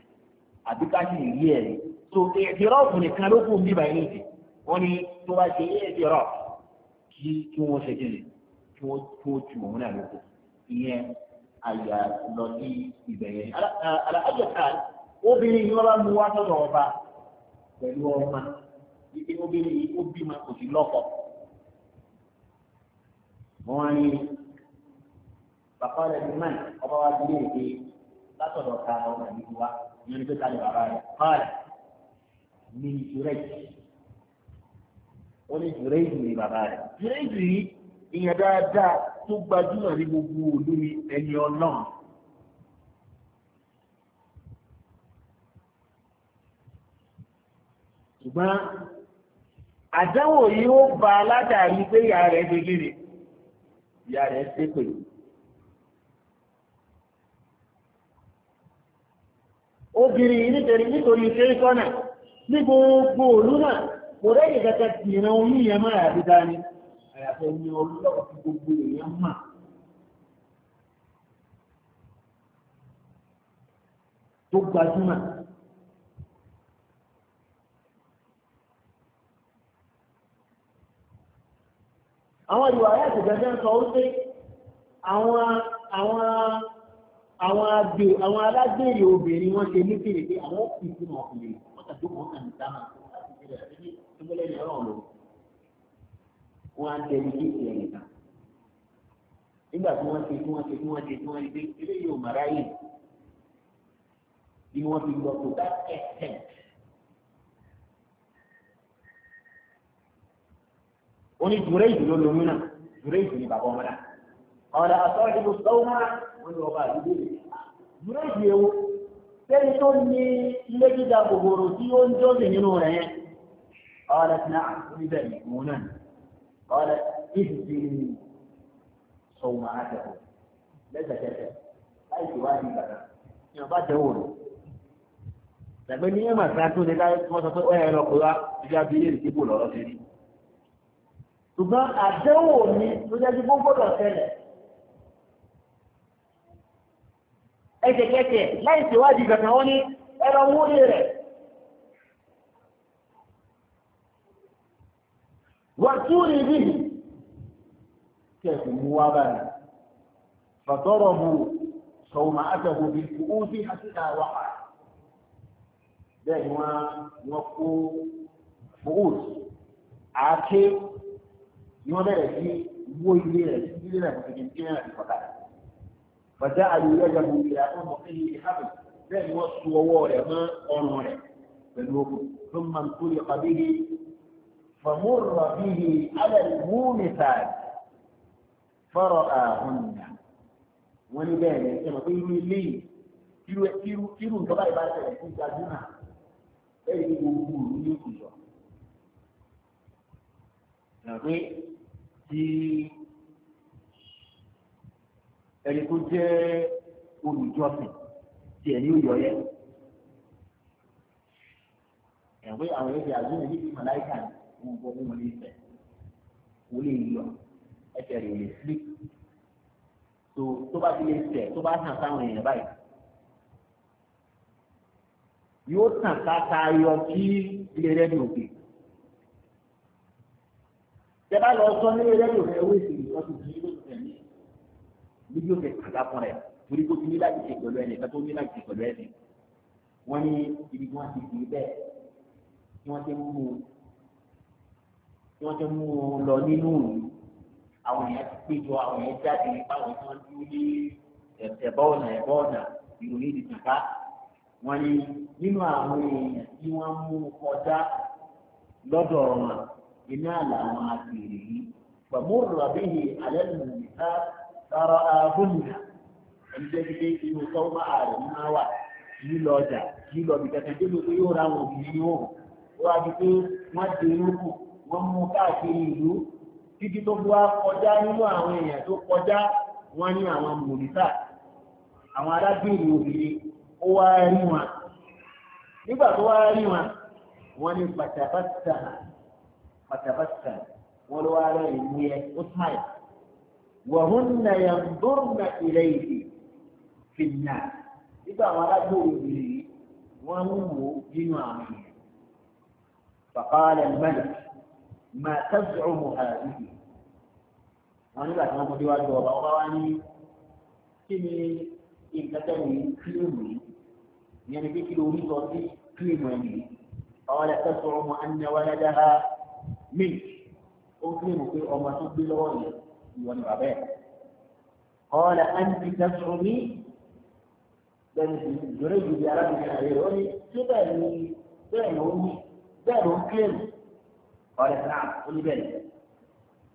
àbí ká sì rí ẹ̀rí so ìdírọ́ọ̀fù nìkan ló kù níbà yẹn nìyí wọ́n ní tó bá ṣe ìdírọ́ kí kí wọ́n ṣe kiri kí wọ́n tó obìnrin yìí wọ́n bá mú wá sọ́dọ̀ ọba pẹ̀lú ọmọ ibi obìnrin yìí ó bímọ kò sí lọ́kọ. wọ́n á ní bàbá rẹ̀ ní mẹ́rin ọba wa ti lè dé látọ̀dọ̀ ta ọmọ yìí wá ìyẹn ní pé ta bàbá rẹ̀ kọ́ọ̀lẹ̀ ní ìjúrẹ́jì ó ní ìjúrẹ́jì ní bàbá rẹ̀ ìjúrẹ́jì yìí ìyẹn dáadáa tó gbajúmọ̀ ní gbogbo òlú ẹni ọlọ́run. ṣùgbọ́n àdánwò yìí ó ba aládàrí pé ìyá rẹ̀ gbégéré ìyá rẹ̀ ṣépè. obìnrin yìí nítorí nítorí ṣe é sọ́nà ní gbogbo òlú náà kò rẹ́yìn kankan tì ìran oyún yẹn mọ́ àyàfi dání àyàfi ẹni ọlọ́wọ́ fi gbogbo èèyàn mà. tó gbajúmọ̀ àwọn ìwà ayé àtìgbẹ́fẹ́ sọ wípé àwọn àwọn àwọn agbè àwọn alágbèrè obìnrin wọn ṣe nípìnlẹ̀ pé àwọn òfin fún ọkùnrin wọn tàbí wọn kàn ní dáná láti ṣe rẹ̀ sí ìmúlẹ̀ ní ọ̀rọ̀ lọ. wọn á tẹ̀lé kí ìyẹn nìkan nígbà tí wọ́n ṣe tí wọ́n ṣe tí wọ́n ṣe tí wọ́n ṣe eléyìí ò màráyè ni wọ́n fi lọ kó dá ẹ̀ẹ́ ó ní jùrẹ́jù ló lóyún náà jùrẹ́jù ni bàbá ọmọdá ọ̀dà àtọ́ ìlú sọ́wọ́n wọn ni ọba ewu sẹ́ni tó ní ilé gíga gbogbooro tí ó ń jọ́sìn nínú rẹ̀ yẹn ọ̀dà tí náà ní bẹ́ẹ̀ mú náà ọ̀dà ìsìsì sọ̀wọ́n àtẹ̀kọ̀ lẹ́sẹ̀kẹsẹ̀ láì tìwádìí bàtà ìyọ̀bá tẹ̀wò rẹ̀ tàbí ní ẹ̀mà sáà na ní láì wọ́n sọ pé ṣùgbọ́n àdéhùn òní ló jẹ́ kí gbọ́dọ̀ tẹ̀lẹ̀. ẹsẹ̀kẹsẹ̀ láì ṣèwádìí kankan wọ́n ní ẹ̀rọ múrí rẹ̀. wọ́n rí mú wá báyìí. fàtọ́rọ̀ ni wọ́n bẹ̀rẹ̀ sí wó ilé rẹ̀ ilé rẹ̀ kò ní ilé rẹ̀ kọ̀ọ̀kan. bàtà àlùyọ ìjọba ìlà ọmọ ẹni ìhábì bẹ́ẹ̀ ni wọ́n so ọwọ́ rẹ̀ mọ́ ọrùn rẹ̀ pẹ̀lú okùn tó máa ń kórè pàdé فمر به على المومثات فرآهن ولذلك كما قيل لي irú irú irú ìjọba ìbáraẹ̀tẹ̀ fún gbajúmọ̀ ẹ̀rí gbogbo ìlú ní ìkùsọ̀. Nàgbé tí ẹni tó jẹ́ olùjọsìn tí ẹni ò yọyẹ ẹ̀wé àwọn ẹ̀fẹ̀ àdúgbò ní ìgbìmọ̀ láìka wọn bọ́ wọn lè fẹ̀ wọ́n lè yọ ẹsẹ̀ rẹ̀ lè fi tó tó bá ti lè fẹ̀ tó bá tàn sáwọn èèyàn báyìí yóò tàn ká tayọ kí ilé rẹ̀ ní òkè. Tẹ́lá lọ sọ nílé rẹ́díò rẹ̀ owó èsì ìtọ́ ti di ìlú tẹ̀lé. Níbi òkè kàkà fún rẹ̀ torí kó ti ní láti ṣe pẹ̀lú ẹni kátó ní láti ṣe pẹ̀lú ẹni. Wọ́n ní ibi tí wọ́n ti fi bẹ́ẹ̀ tí wọ́n ti mú un tí wọ́n ti mú un lọ nínú òní. Àwọn èèyàn ti péjọ àwọn èèyàn jáde nípa àwọn tí wọ́n dúró ní ẹ̀bọ́ ọ̀nà ẹ̀bọ́ ọ̀nà ìròyìn ìdìtàká. Wọ́n ní nínú àwọn èèyàn tí wọ́n mú kọjá lọ́dọ̀ ọ̀ràn iná làwọn àgbèrè yìí pàmòrò àbíyè alẹ́ nìyíká sára ààbòmìnà ẹni jẹ́ pé inú sọ́wọ́n ààrẹ máa wà yìí lọ ọjà yìí lọ bí kẹkẹ débi pé yóò ra àwọn obìnrin yóò ní àwọn mòlítà ó wá rí wọn nígbà tó wá rí wọn wọ́n ní pàtàkì فتبسم والوالدين هي أسماء وهن ينظرن إليه في الناس إذا ورده إليه وهم جنامه فقال الملك ما تزعم هذه وانا لا تنمو ديوان دوبا وباواني كمي كلمي يعني في صوتي كلمي قال تزعم أن ولدها míì ó fi mọ̀ pé ọmọ tó gbé lọ́wọ́ yìí ìwọ ni bàbá ẹ̀. قال أنت تزعمي بل جريج بأرامي خيروني تبالي بينهم بينهم كلم قال نعم قل بلي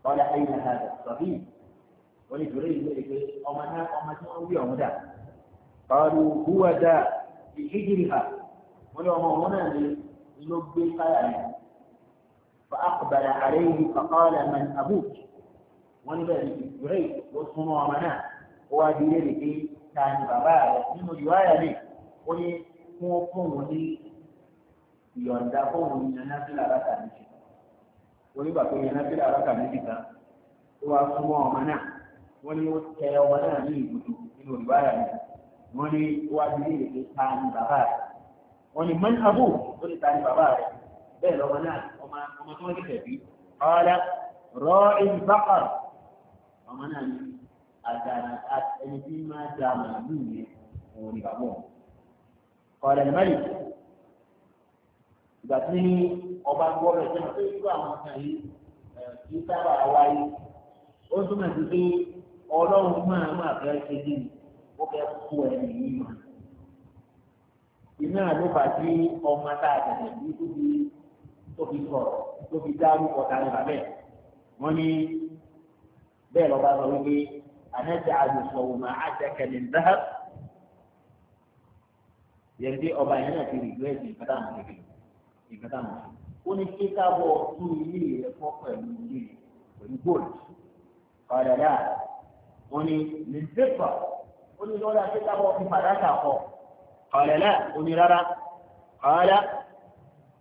قال أين هذا الصبي ولجريج ذلك أما أما أو يوم ذا قالوا هو ذا بحجرها ولو ما هنا لنبي قال فأقبل عليه فقال من أبوك ونبأ جريج وصنع منا هو بيده كان بابا من رواية لي وني هو قومني yọ̀ǹda fóònù yànnà fílà rákà méjì wọ́n nígbà tó yànnà fílà rákà méjì kan tó wá súnmọ́ ọmọ náà wọ́n ní ó tẹ ọmọ náà ní ìbùdó nínú ìbára rẹ̀ wọ́n ní wá bí lè ta ni bàbá rẹ̀ wọ́n ní mọ́ni abú ó ní ta ni bàbá rẹ̀ bẹ́ẹ̀ lọ́mọ náà ọmọ tó wọ́n kẹ̀kẹ́ bí ọ̀la rọ ìbákà ọmọ náà ní àdàrà ẹni tí máa da màálù yẹn òun ni bàbá òun ọ̀la ìmọ̀lẹ̀ ìgbà tí ọba gbọ́ rẹ̀ sẹ́nu pé irú àwọn kan yìí kì í sábà wáyé ó túmọ̀ sí pé ọlọ́run máa máa fẹ́ ṣe dé ní ó fẹ́ kú ẹni yìí mọ́ iná ló bá ọmọ tá a tẹ̀lé ní kúbi tó fi sọ̀rọ̀ tó fi dá orúkọ tani bàbẹ́ wọ́n ní bẹ́ẹ̀ lọ́ba sọ wípé ànájà àdùsọ̀wò máa àjẹkẹ̀ ní dáhà yẹn tí ọba yẹn náà ti rí ìlú ẹ̀sìn ìkàtà mọ̀ níbi ìkàtà mọ̀ ó ní kí káàbọ̀ tún ilé rẹ̀ fọ́ pẹ̀lú ilé pẹ̀lú gold ọ̀rẹ́ dáa wọ́n ní nìdẹ́fà ó ní lọ́dà kí káàbọ̀ fi fàdákà kọ ọ̀rẹ́ náà ó ní rárá ọ̀rẹ́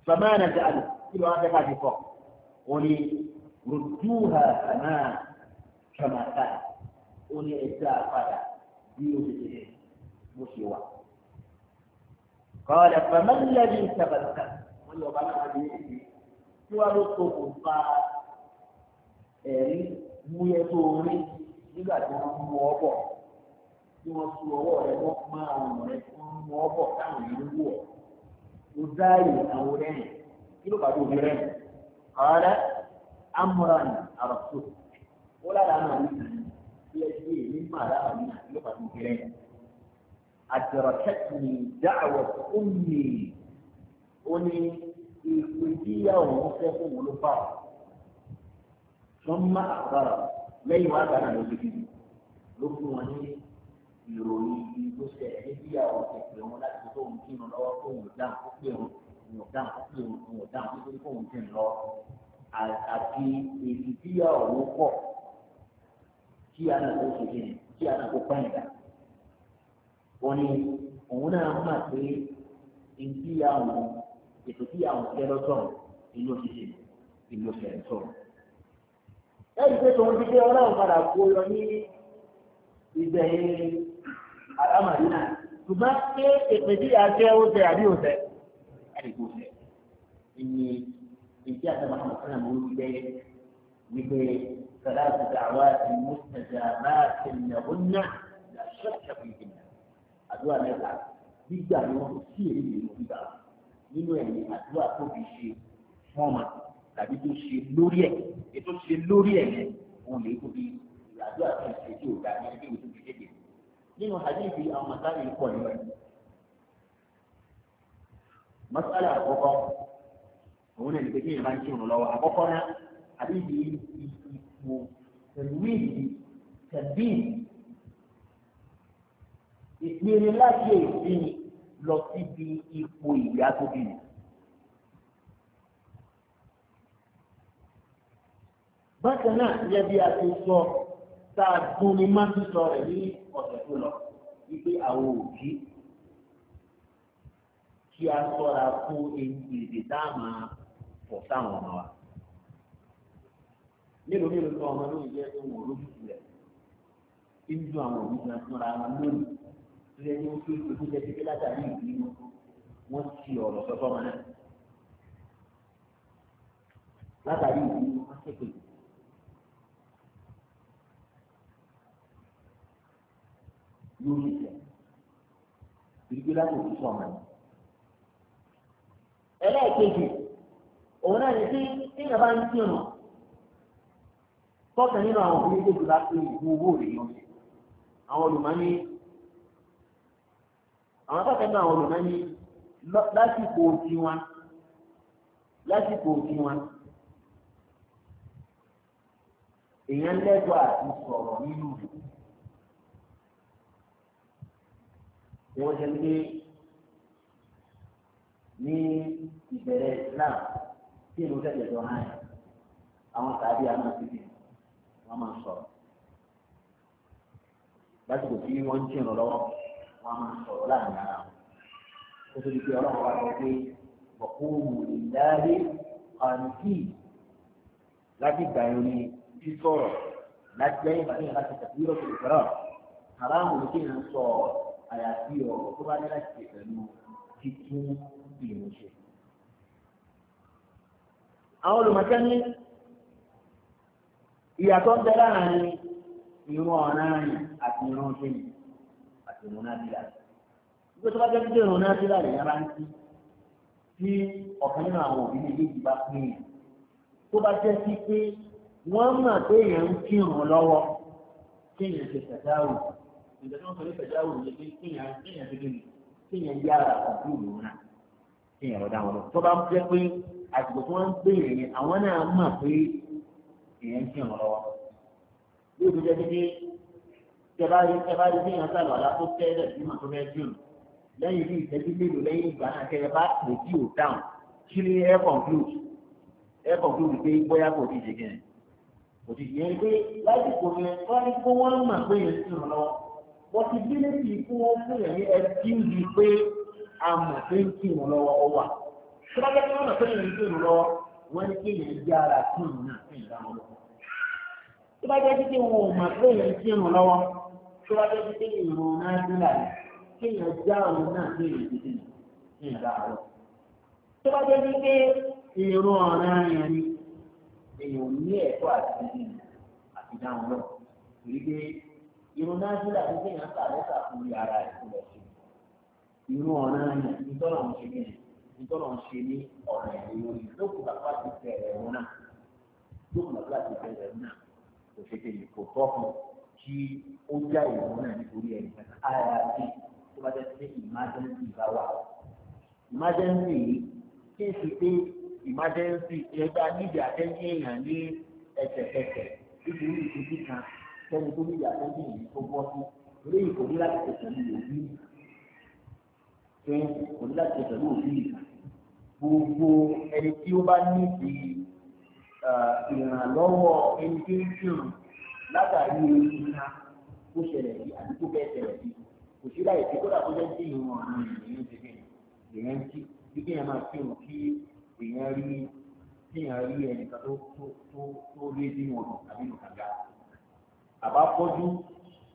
sọmáàna ti àlù kí ló wá fẹ́ káàdì kọ́ ó ní rùdúhà kàmá kàmáta ó ní ẹja padà bí ó ti tẹ̀lé bó ṣe wà. kọ́ọ̀dà pàmẹ́lẹ́bí sàbàtà wọ́n yọ̀ bá náà ní èdè tí wàá ló tó kò fa ẹ̀rí múyẹ tó rí nígbà tí wọ́n mú ọ bọ̀ tí wọ́n fi ọwọ́ rẹ̀ wọ́n máa wọ̀n rẹ̀ wọ́n mú ọ bọ̀ táwọn yìí ń wọ̀ ó dáàyè àwọn rẹ̀ kí ló bàbá òbí rẹ̀ ọ̀rẹ́ amúran àròsọ ó lára náà ní bí ẹ ṣe èyí máa lára ní kí ló bàbá òbí rẹ̀ àdìrọ̀kẹ́tì dáàwọ̀ ó ní ó ní ìpè díyà òun fẹ́ fún òun ló bá ọ sọmọ àkàrà lẹ́yìn wàá gbà náà ló fi kiri ló fún wọn ní ìròyìn ibi tó ṣẹlẹ̀ níbi àwọn ìpè wọn ìwọ̀n dáhùn sí ìwọ̀n dáhùn sí kó ń tẹ̀ lọ àti èyí tí ọ̀rọ̀ pọ̀ kí ànàkó ṣe kí ni kí ànàkó pẹ́yìn dà. wọ́n ní òun náà mà pé ìdí àwọn ètò tí àwọn fẹ́ lọ́sọ̀ ìlú òṣìṣẹ́ ìlú òṣìṣẹ́ sọ̀rọ̀. lẹ́yìn pé tòun ti dé ọlọ́run padà kó yọ ní ìgbẹ̀yìn àlámàdínà ṣùgbọ́n pé èpè tí a àbí òṣẹ́ àdìgbò rẹ̀ ìní ìdí àtàwọn àwọn kan náà mú gbẹ wípé sọlá àtàtà àwa ti mú tẹ̀sà máa ti nàbó náà là ṣọ́ọ̀ṣà fún ìdìbò àdúrà mẹ́ta gbígbà ni wọ́n sí èyí lè mú gbígbà nínú ẹ̀yìn àdúrà tó fi ṣe fún tàbí tó ṣe lórí ẹ̀ ètò ṣe lórí ẹ̀ yẹn òun lè tó fi àdúrà tó ṣe tí ò ní ẹgbẹ́ òtún fi ṣe dé nínú àdéhìí àwọn màtáyì masala àkọ́kọ́ òun náà ní pé kí èèyàn bá ń kírun lọ́wọ́ àkọ́kọ́ náà àbí ìdí ipò tẹ̀lúwìdì tẹ̀bí ìpinnu láti èdè lọ síbi ipò ìyá tó bì ní. bákan náà yẹ bí a ti sọ tá a gún ní má sísọ rẹ̀ ní ọ̀sẹ̀ tó lọ wípé àwọn òbí kí a sọ́ra fún èdè tá a máa pọ̀ sáwọn ọmọ wa. Mélòó mélòó tó ọmọ lóyún jẹ́ ohun olójútu rẹ̀. Inú àwọn òbí kan fúnra wọn lónìí. Ilé ní oṣù tó jẹ́ pípé látàrí ìbínú. Wọ́n ti ọ̀rọ̀ sọ́sọ́ wọn náà. Látàrí ìbínú wọ́n ṣèpè. Lórí ìjẹ́. Ìgbéláwò ti sọ ọmọ yìí ẹlẹ́ẹ̀kejì òun náà ní tí nígbà bá ń kírun fọ́ọ̀kan nínú àwọn òbí méjèèjì bá pé ìlú owó rèé wọn àwọn olùmọ́ni àwọn akọ́kọ́ nínú àwọn olùmọ́ni lásìkò òfin wa lásìkò òfin wa èèyàn lẹ́gbọ́ àti sọ̀rọ̀ nínú rẹ̀ wọ́n ṣe ń ní ìbẹ̀rẹ̀ Islam tí ìlú tẹ̀lé lọ hàn àwọn tàbí àwọn àtìkì wọn máa sọ̀rọ̀ lásìkò tí wọ́n ń jìnnà lọ́wọ́ wọn máa sọ̀rọ̀ láàrin ara wọn kó tó di pé ọlọ́run wá sọ pé bọ̀kúùmù ìdárí àǹtí láti gbà yín ní sísọ̀rọ̀ láti lẹ́yìn bàtí yàrá ti tẹ̀sí yóò tóbi fẹ́ràn haramu kí n sọ àyàfi ọ̀rọ̀ tó bá ní láti ṣe pẹ̀lú títún fi ìrìn ṣe. àwọn olùmọ̀tẹ́ ní ìyàtọ̀ ń bẹ láàrin ìrún ọ̀ràn àti ìrún ṣẹ́yìn àti ìrún nábìlà. ìgbé tó bá jẹ́ pé ìrún nábìlà rẹ̀ yára ń kí tí ọ̀kan nínú àwọn òbí méjèèjì bá pín in tó bá jẹ́ sí pé wọ́n mọ̀ pé èèyàn ń kírun lọ́wọ́ kéèyàn ṣe tẹ̀dáwò ìgbà tí wọ́n sọ ní tẹ̀dáwò ní pé kéèyàn kéèyàn ṣe kéèyàn yára ọ̀dún ìrún náà kí èèyàn lọ́dá wọn lọ tó bá jẹ́ pé àsìkò tí wọ́n ń béèrè yẹn àwọn náà mọ̀ pé èèyàn ń kí èèyàn lọ́wọ́ bí o ti jẹ́ pé tẹ́bá rí tẹ́bá rí bí èèyàn sàlọ̀ àlá tó tẹ́lẹ̀ sí màtó fẹ́ jù lẹ́yìn bí ìtẹ́jú mélòó lẹ́yìn ìgbà náà kẹ́ ẹ bá pè tí ò dáhùn kí ni ẹ conclude ẹ conclude pé bóyá kò ti ṣe kẹ́rin kò ti ṣe yẹn pé lásìkò yẹn wọ́n ní kó wọ́n mọ̀ pé èèyàn ń kí èèyàn ti bí lẹ́sìn kó wọ́n fún yẹn ní ẹ àmọ̀ pé ń kí wọn lọ́wọ́ ọwà tó bá jẹ́ pé wọ́n mọ̀ pé ń kí wọn lọ́wọ́ wọ́n ní kéèyàn yá ara kí wọn náà sí ìdáná lọ́wọ́ tó bá jẹ́ pé wọn ò mọ̀ pé ń kí wọn lọ́wọ́ tó bá jẹ́ pé ìrùn náà dé láàyè kéèyàn já òun náà sí ìdíje sí ìdáná lọ́wọ́ tó bá jẹ́ pé ìrùn ọ̀ràn yẹn ni èèyàn ní ẹ̀kọ́ àti àti dáhùn lọ ìrìgbé ìrùn náà dé láàyè kéèyàn inú ọ̀nà yẹn nítorí àwọn ṣe yẹn nítorí àwọn ṣe ní ọ̀nà ìlú lókùn bàbá ti bẹ̀rẹ̀ ẹ̀rọ náà lókùn bàbá ti bẹ̀rẹ̀ ẹ̀rọ náà kò ṣe kéde kò tọ́ fún kí ó já ìwọ náà nítorí ẹ̀rí kankan ara bí tó bá jẹ́ pé emergency bá wà emergency yìí kí n sì pé emergency ẹgbẹ́ níbi àtẹ́jẹ́ èèyàn ní ẹsẹ̀kẹsẹ̀ nítorí ìdíjú kan sẹ́ni tó níbi àtẹ́jẹ́ yìí tó pé kò ní láti pẹ̀lú òfin yìí gbogbo ẹni tí ó bá ní ti ìrànlọ́wọ́ ẹni tí ń kírun látàrí ìrìnà tó ṣẹlẹ̀ sí àti tó bẹ́ẹ̀ ṣẹlẹ̀ sí kò sí láì sí kódà tó jẹ́ sí ìwọ̀n àwọn ènìyàn ti bẹ̀rẹ̀ èèyàn tí bí kéèyàn máa kírun kí èèyàn rí kéèyàn rí ẹnìkan tó tó tó lé sínú ọ̀nà tàbí nù kàga àbá fọ́jú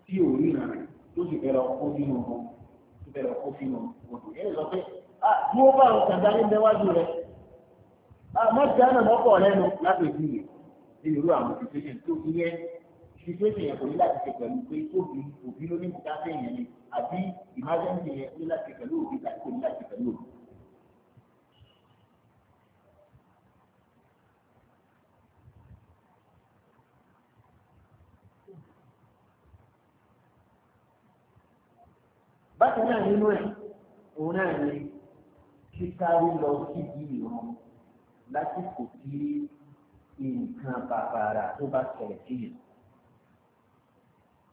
tí ò rí ìrànlọ́ tó sì fẹ́ lọ fọ́jú nù ọ̀nà bẹ̀rẹ̀ kó fi hàn òdò yẹn lọ pé ah, bí ó bá àwọn kàńtà ní bẹ́wájú rẹ ah, mọ́tì àná mọ́kọ̀ lẹ́nu láti ìdí rẹ̀ ní irú àwọn situation tó fi yẹn situation yẹn kò ní láti ṣe pẹ̀lú pé òbí òbí ló ní bùkátà yẹn ni àbí emergency yẹn ó ní láti ṣe pẹ̀lú òbí tàbí kò ní láti ṣe pẹ̀lú òbí. bákan náà nínú ẹ̀ òun náà ni kíkárí lọ síbi ìran lásìkò tí nǹkan bàbàrà tó bá ṣẹlẹ̀ sí yìí.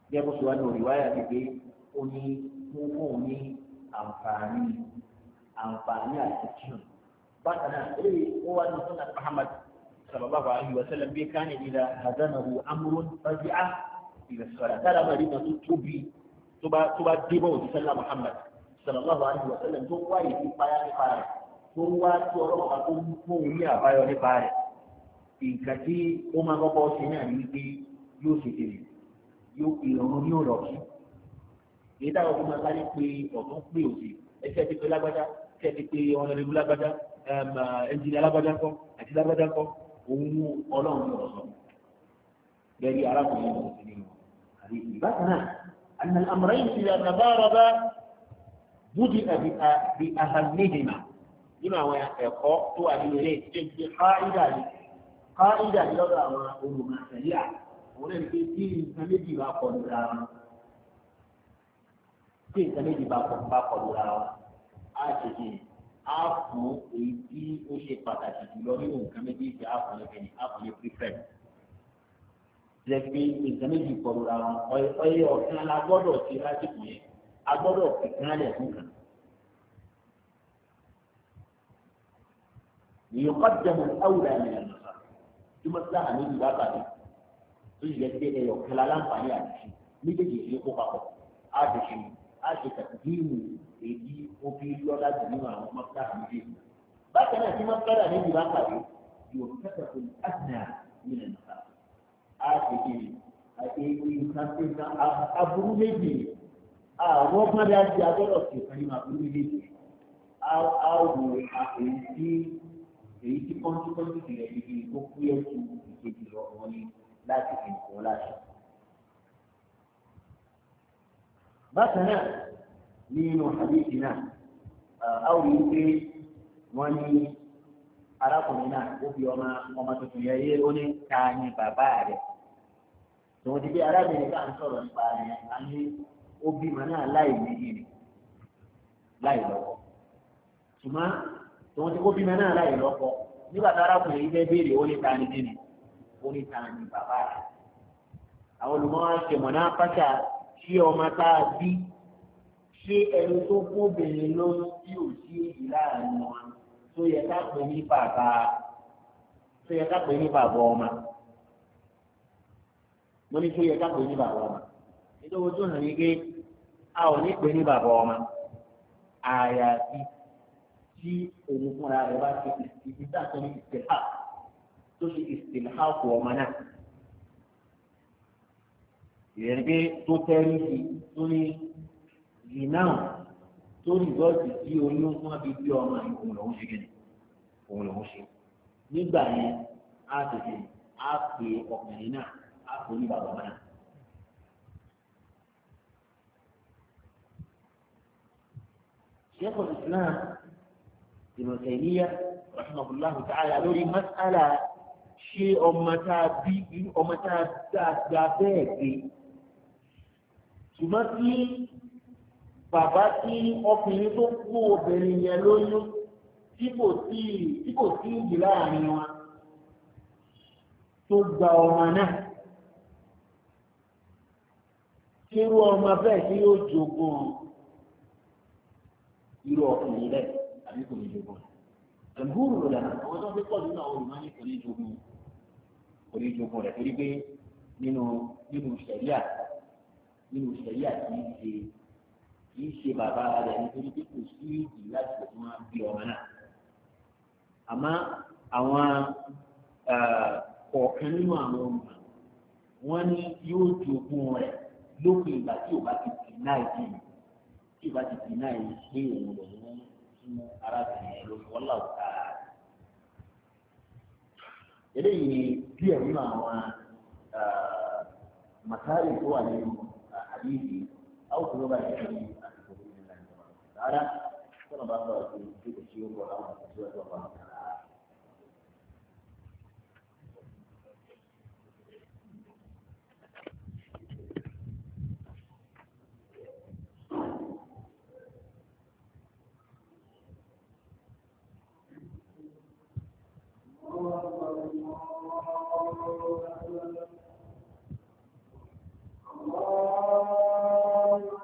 bí ẹ bó ṣe wá ní òrìwáyà gbígbé ó ní fún fóun ní àǹfààní àǹfààní àti bákan náà eléyìí ó wá ní sọ́nà Muhammad sallallahu alaihi wa sallam bí káàní ìlà àdánà wo amúrún bá jẹ́ á ìrẹsọ̀rọ̀ dára bá tó tóbi tó bá tó bá dé bá òṣìṣẹ́ ńlá Muhammad sallallahu alaihi wa sallam tó wá ìdí payá nípa rẹ̀ tó wá tó ọlọ́wọ́ bá tó mú òun ní àbáyọ nípa rẹ̀ nǹkan tí ó máa kọ́kọ́ ṣe náà ní pé yóò ṣe tèrè yóò ìrọ̀rùn ní ọ̀rọ̀ kí èyí táwọn ọkùnrin máa sáré pé ọ̀tún pé òsì ẹsẹ̀ ti pé lágbájá ẹsẹ̀ ti pé ọ̀nàdẹ́gbù lágbájá ẹnjìnì alágbájá ńkọ́ àti lágbájá ńkọ́ òun ọlọ́run ní ọ̀rọ̀ sọ bẹ́ẹ̀ ni arákùnrin ọ̀sìn ni àdéhùn ìbákan náà أن الأمرين إذا تضاربا بدأ بأهمهما لما هو يقول تو أبي جد قائدة قائدة لولا ما ما سريع ولن في سمدي ما قل لها دين سمدي ما قل ما قل لها آتي a fún èyí tí ó ṣe pàtàkì jùlọ nínú nǹkan méjèèjì jẹ́ pé nǹkan méjì kọlu ra wọn ọyẹ ọ̀kan la gbọ́dọ̀ ti lásìkò yẹn a gbọ́dọ̀ kíkan lẹ̀ fún kan. ìyókò jẹun awùrẹ́ àmì àlùfà tí mo sá àmì ìlú àbàdì tó yẹ pé ẹyọ ọ̀kan la láǹfààní àdìsí méjèèjì yìí kó papọ̀ á ti fi á ti tàbíìmù èyí ó fi lọ́lá jù nínú àwọn mọ́tà àmì ìlú. bákan náà tí mo sá àmì ìlú àbàdì yóò kẹ́kọ̀ọ́ àgbègbè àgbègbè ìtàkùnà aburú méjì àwọn ọmọdé àti agbọ́dọ̀ sì kan nínú aburú méjì àwòrán àpèyí tí èyí tí kọ́ńtíkọ́ńtì tìlẹ̀ ibi tó kúyẹ́ ju ìkejì lọ wọn ni láti fi nǹkan láṣẹ. bákan náà nínú àdéhìí náà àwọn yìí pé wọ́n ní arákùnrin náà ó fi ọmọ ọmọ tuntun yẹn yé ó ní ta ni bàbá rẹ̀ tòun ti bí arábìnrin ká ń sọ̀rọ̀ nípa rẹ̀ a ní ó bímọ náà láì méjì rẹ̀ láì lọ́kọ. ṣùgbọ́n tòun ti kó bímọ náà láì lọ́kọ nígbà tó arákùnrin yìí fẹ́ béèrè ó ní ta ni nínú ó ní ta ni bàbá rẹ̀. àwọn olùmọ̀ ṣèmọ̀ náà pàṣà ṣé ọmọ tá a bí ṣé ẹni tó kó obìnrin lóyún tí ò sí èyí láàrin wọn tó yẹ ká pè ní bàbá tó yẹ ká pè ní bàbá ọmọ mo ní tó yẹ ká pè ní bàbá ọmọ nítorí tó hàn yíké a ò ní pè ní bàbá ọmọ àyàfi tí òun fúnra rẹ̀ bá ṣe ìdí sáàtọ ní ìsìlá tó ṣe ìsìlá kù ọmọ náà ìrẹ̀lẹ́gbẹ́ tó tẹ́rí sí tó ní ìnáwó tó rìsọ́ọ̀tì tí oyún fún wa ọmọ yìí òun lòún ṣe kéde òun lòún ṣe nígbà yẹn a tètè a pè ọkùnrin náà àpò ní bàbá náà. شيخ الإسلام ابن تيمية رحمه الله تعالى lórí mas'ala ṣé ọmọ tá a bí ọmọ tá a gba bẹ́ẹ̀ gbé ṣùgbọ́n tí bàbá tí ọkùnrin tó kú obìnrin yẹn lóyún tí kò sí ìdí láàrin wọn tó gba ọmọ náà kírú ọmọ bẹ́ẹ̀ tí yóò jogún irú ọkùnrin rẹ̀ àbí kò ní jogún ẹ̀gbúrú rẹ̀ àwọn tó ń pẹ́ pọ̀ nínú àwọn olùmọ́ni kò ní jogún kò ní jogún rẹ̀ torí pé nínú nínú sẹ̀ríà nínú sẹ̀ríà kì í ṣe kì í ṣe bàbá rẹ̀ nítorí pé kò sí ìdí láti kò tún bí ọmọ náà àmọ́ àwọn kọ̀ọ̀kan nínú àwọn ọmọ wọn ni yóò jogún rẹ̀ lópin ìgbà tí o bá ti dì náà yìí tí o bá ti dì náà yìí pé òun lò ń fún arábìnrin yẹn lórí wọn là ó ta eléyìí ni díẹ̀ nínú àwọn màtáàrí tó wà nínú àdéhìí àwọn kò ló bá yẹ kí àtìkò tó ń bá sọ̀rọ̀ sí ìdíje tí ó ń bọ̀ láwọn àti الله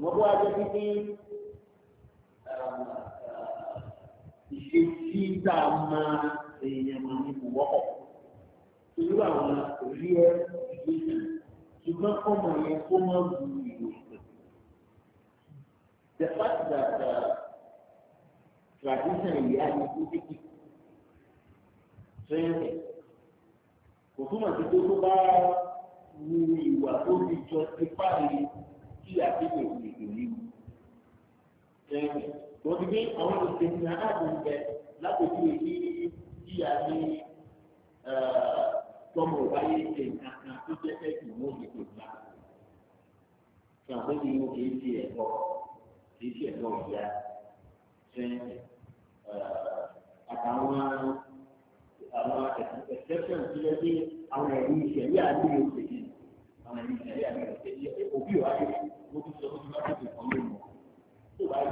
ṣùgbọ́n bó wá jẹ́ pípé eh, eh, ìṣesí tá a máa èèyàn mọ̀ ní kò wọ́pọ̀ irú àwọn orí ẹ ìgbésẹ̀ ṣùgbọ́n ọmọ yẹn kó má bu ìwé ìpè. The fact that uh, tradition yìí á ní kú títí fẹ́ẹ̀rẹ̀ kò túmọ̀ sí pé tó bá wu ìwà tó ti jọ ti pàdé tí àbíyè òṣèlú yìí. Mo ti gbé àwọn òṣèlú náà láti ń èyí tí a ní tọmọ ìwáyé ṣe nǹkan tó jẹ́ fẹ́ẹ̀kì mú ìdìbò gbà. Ṣàkóso ìwé kìí ṣe ẹ̀kọ́ kìí ṣe ẹ̀kọ́ ìyá ṣe àtàwọn àwọn exception ti lẹ́ sí àwọn ẹ̀rí ìṣẹ̀lẹ̀ àbíyè òṣèlú àwọn ẹ̀rí ìṣẹ̀lẹ̀ àbíyè òṣèlú òbí ò mo ti sọ fún mi láti fi kàn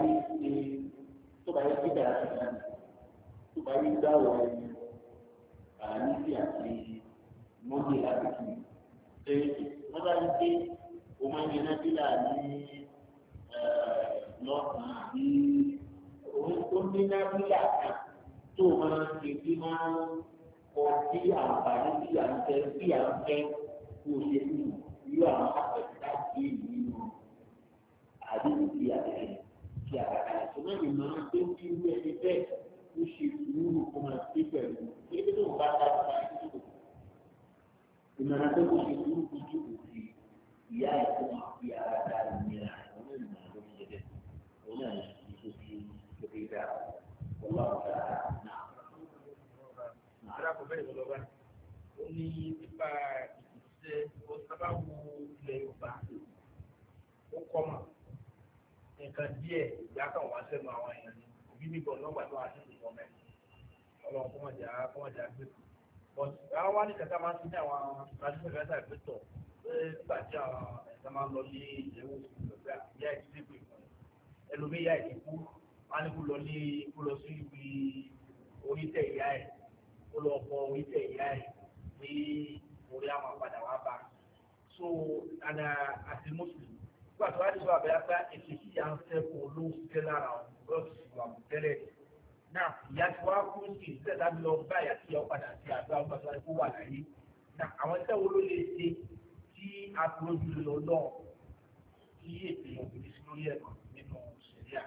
lónìí tó bá yé ṣe tó bá yé gbígbà láti fi hàn tó bá yé dáwọ ẹni àníbi àti mọ́tì láti fi ṣe wọ́n bá yí pé o máa ń yẹn náà bí láàánú lọ́sàn-án àbí ó fẹ́ bí ṣe fún yóò àwọn àpẹẹrẹ láti ìlú àdéhùn bí àtẹ̀yìn kí àkàkà ṣùgbọ́n mi máa ń tó kí irú ẹni bẹ́ẹ̀ ó ṣe ìwúrò kó máa ṣe pẹ̀lú ẹgbẹ́ tó ń bá ta ọ̀pá ìdíjọ́ ìmọ̀ràn tó kó ṣe ìwúrò kó jókòó sí ìyá ẹ̀ tó máa fi ara dá ìnira àwọn ìmọ̀ràn ló ń ṣe bẹ́ẹ̀ òun náà ní ìṣe tí ó fi dá ọlọ́run dára náà. alákọ̀ọ́bẹ̀ ìlọ́ba ó ní nípa ìṣiṣẹ́ ó sábà wo ilẹ̀ Yorùbá ó kọ́ mọ̀ nǹkan díẹ̀ ìyákan wá sẹ́nu àwọn èèyàn ni òbí nìkan lọ́gbà tó àti ìwọ̀n mẹ́rin ọlọ́run kọ́ mọ̀jà kọ́ mọ̀jà gbé but àwọn wá ní kẹta máa ń ní àwọn traditional kẹta ìpẹ́tọ̀ pé nígbà tí àwọn ẹ̀ka máa ń lọ ní ìyẹ̀wò ìgbà ìyá ìdílé pé ẹlòmíì ìyá ìdí kú wọn ní kú lọ ní kú lọ sí ibi orítẹ̀ ìyá ẹ̀ kó lọ kọ orítẹ̀ ìyá ẹ̀ pé orí àwọn nígbà tó wá nígbà bẹ́ẹ̀ bá ètò sí à ń sẹ́kù olóhùn tẹ́ lára ọ̀hún bọ́ọ̀sì ìwà mọ̀tẹ́lẹ̀ rẹ̀ náà ìyá tí wọ́n á kú sí ìdílé dábì lọ bá ìyá tí wọ́n padà sí àgbà ọgbà tó wá kó wà láyé náà àwọn iṣẹ́ wo ló lè ṣe tí a dúró jù lọ náà kí ètò ìyọ̀bìnrin sí lórí ẹ̀kọ́ nínú ìṣẹ̀lẹ̀ à.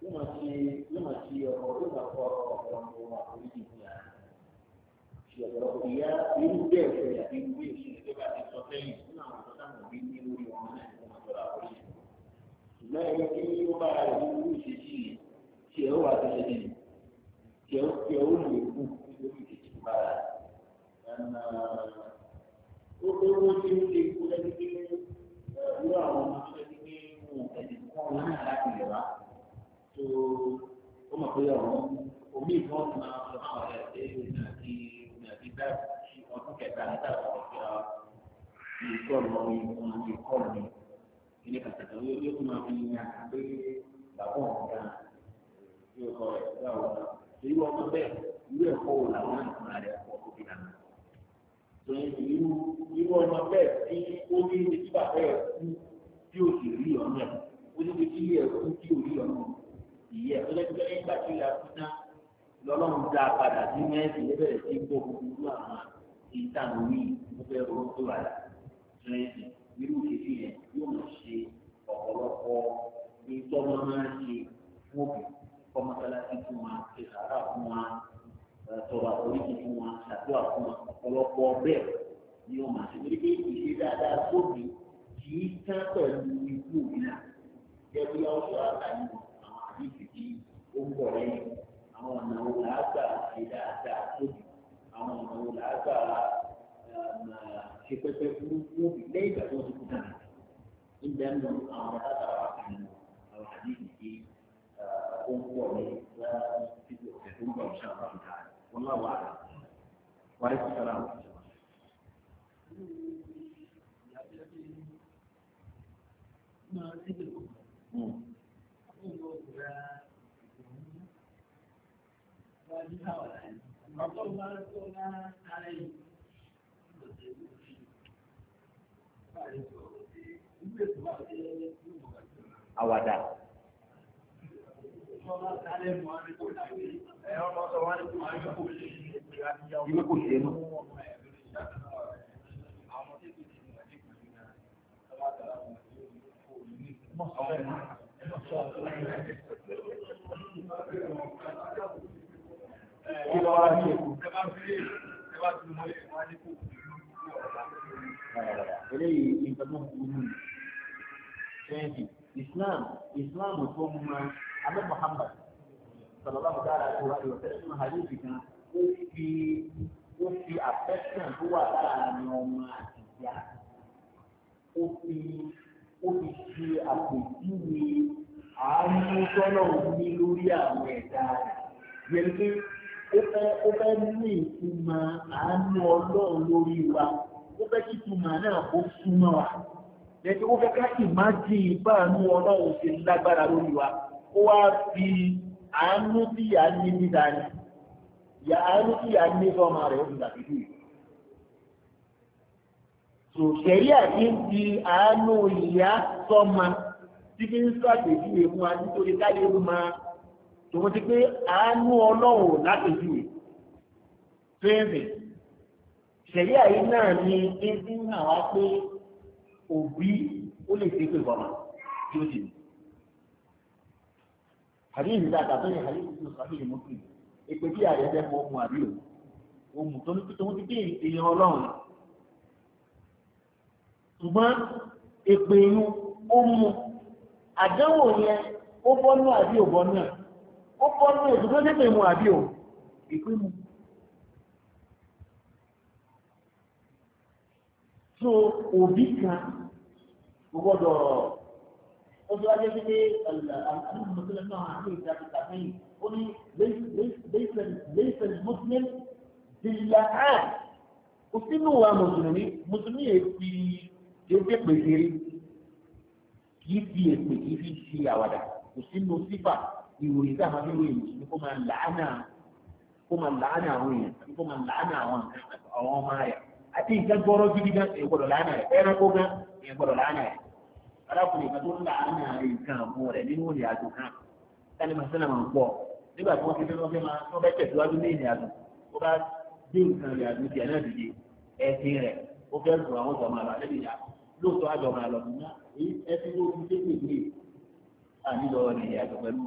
yóò máa ṣe yóò máa ṣe ọkọ̀ yóò máa lẹ́yìn kí ó bá rẹ̀ ní irú yìí tí ẹ̀ wà tó ṣe tí ẹ̀ tí ẹ̀ lè kú nínú ìṣesí tó ó pé owó tí ó lè kú lẹ́ni pé irú àwọn ọmọ tó ṣe pé wọn ò tẹ̀lé kọ́ wọn náà láti lè wá. tó ó mọ̀ pé ọ̀rọ̀ omi ìbọn máa ń lọ àwọn ẹ̀ẹ́dẹ́ ìrìnàjì ìrìnàjì báyìí ọdún kẹta nígbà tó ń fi ìkọlù ìkọlù ilé kàtàkà yóò tún máa fi yan pé bàbá òun yóò kọ ẹ̀ gbà wọ́n náà èyí wọ́n mọ bẹ́ẹ̀ irú ẹ̀kọ́ wò làwọn ìtura rẹ̀ kọ́ tó fi dànù. Sọyìn irú irú ọmọ bẹ́ẹ̀ tí ó ní ibi tí bàbá ẹ̀ kú tí ó sì rí ọ̀nà ẹ̀ ó ní ibi tí ẹ̀ kú tí ó rí ọ̀nà ìyẹ́ ẹ̀ nígbà tí ìyá kú ná lọ́lọ́run dá padà sí mẹ́rin ló bẹ̀rẹ̀ sí gbọ́ irú kìkì yẹn yóò máa ṣe ọ̀pọ̀lọpọ̀ ìjọba máa ṣe fún òbí kọ́mọ́sálásí fún wa ṣe sàrà fún wa tọrọ àforíjì fún wa ṣàdúrà fún wa ọ̀pọ̀lọpọ̀ bẹ́ẹ̀ ni yóò máa ṣe torí pé ìṣe dáadáa sóbì kì í tán pẹ̀lú ikú mi náà jẹ́ bí wọ́n ṣe àtàlù àwọn àdìsí tí ó ń bọ̀ lẹ́yìn àwọn ọ̀nà wo làá gbà ṣe dáadáa sóbì àwọn ọ̀nà wo làá gbà kita perlu bila kita perlu kita indah dan Allah taala akan hadis ini umur ini dan tidak berumur insyaallah kita Allah wahai Waalaikumsalam. Nah, itu. Hmm. Aku mau berada di sini. Wajib àwàdà. ìwé kò ṣe é mọ́. Kí ló wá ṣe? Eléyìí nǹkan tó ń kú nínú ẹ̀ẹ́dì islam islam tó mú ma abẹ́ muhammad sọlọ́lá bùkárà tó wà lọ sẹ́yìn fún hadithi kan ó fi ó fi affection tó wà láàrin ọmọ àti ìyá ó fi ó fi ṣe àpèjúwe àánú tọ́lọ̀ ní lórí àwọn fẹ́ ní ìtumọ̀ àánú ọlọ́run lórí wa ó fẹ́ kí ìtumọ̀ náà ó súnmọ́ wa lẹ́tí ó fẹ́ ká ìmájì ìbáànú ọlọ́run ti lágbára lórí wa ó wá fi àánú tí ìyá ní níta ni ìyá àánú tí ìyá ní fọ́ọ̀mà rẹ̀ ó fi dàbí dùn. sòṣèlú àti ń fi àánú ìyá sọ́ma tí fi ń sàgbèjú èmu àti torí káyé ma tòun ti pé àánú ọlọ́run láti jù fẹ́ẹ̀fẹ̀ sẹ̀rí àyè náà ni ẹni ń wá pé òbí ó lè ṣe pé bọ́mà tí ó sì ní. àdéhùn ìdá àtàtọ́ yẹn àdéhùn tó sọ àdéhùn mọ́tò yìí èpè tí ààrẹ fẹ́ mọ ohun àbí òun ohun tó ní pípé wọ́n ti dé èèyàn ọlọ́run ṣùgbọ́n èpè inú ó mú àdánwò yẹn ó bọ́nú àbí òbọ́nú ẹ̀ ó bọ́nú èdè tó lépè mu àbí òun ìpín mu. so òbí kan gbọ́dọ̀ ó ti wájú pé àwọn mùsùlùmí náà àti ìdájọ́ kàfẹ́yìn ó ní lẹ́sẹ̀lì muslim dìlà á kò sínú wa mùsùlùmí mùsùlùmí yẹn fi ẹgbẹ́ pèsèrè kì í fi èpè kì í fi ṣe àwàdà kò sínú sífà ìròyìn tá a máa fi ròyìn mùsùlùmí kó máa làánà kó máa làánà àwọn èèyàn kó máa làánà àwọn ọmọ rẹ̀ àti nǹkan gbọ́rọ́ gidi gan èyí gbọ́dọ̀ lánàá rẹ̀ ẹranko gan èyí gbọ́dọ̀ lánàá rẹ̀ arákùnrin kan tó ń lánàá rẹ̀ nǹkan àbọ̀ rẹ̀ nínú ìrìn àjò kan sani ma sani ma ń pọ̀ nígbà tí wọ́n ti fẹ́ fẹ́ máa wọ́n bẹ́ tẹ̀síwájú ní ìrìn àjò ó bá dé nǹkan ìrìn àjò tiẹ̀ náà dìde ẹ̀sìn rẹ̀ ó fẹ́ rù àwọn ọ̀dọ́ máa lọ alẹ́ nìyà lóòótọ́ àjọ máa lọ nínú ẹ̀sìn tó ti tẹ́kẹ̀ ní ànílọ ìrìn àjò pẹ̀lú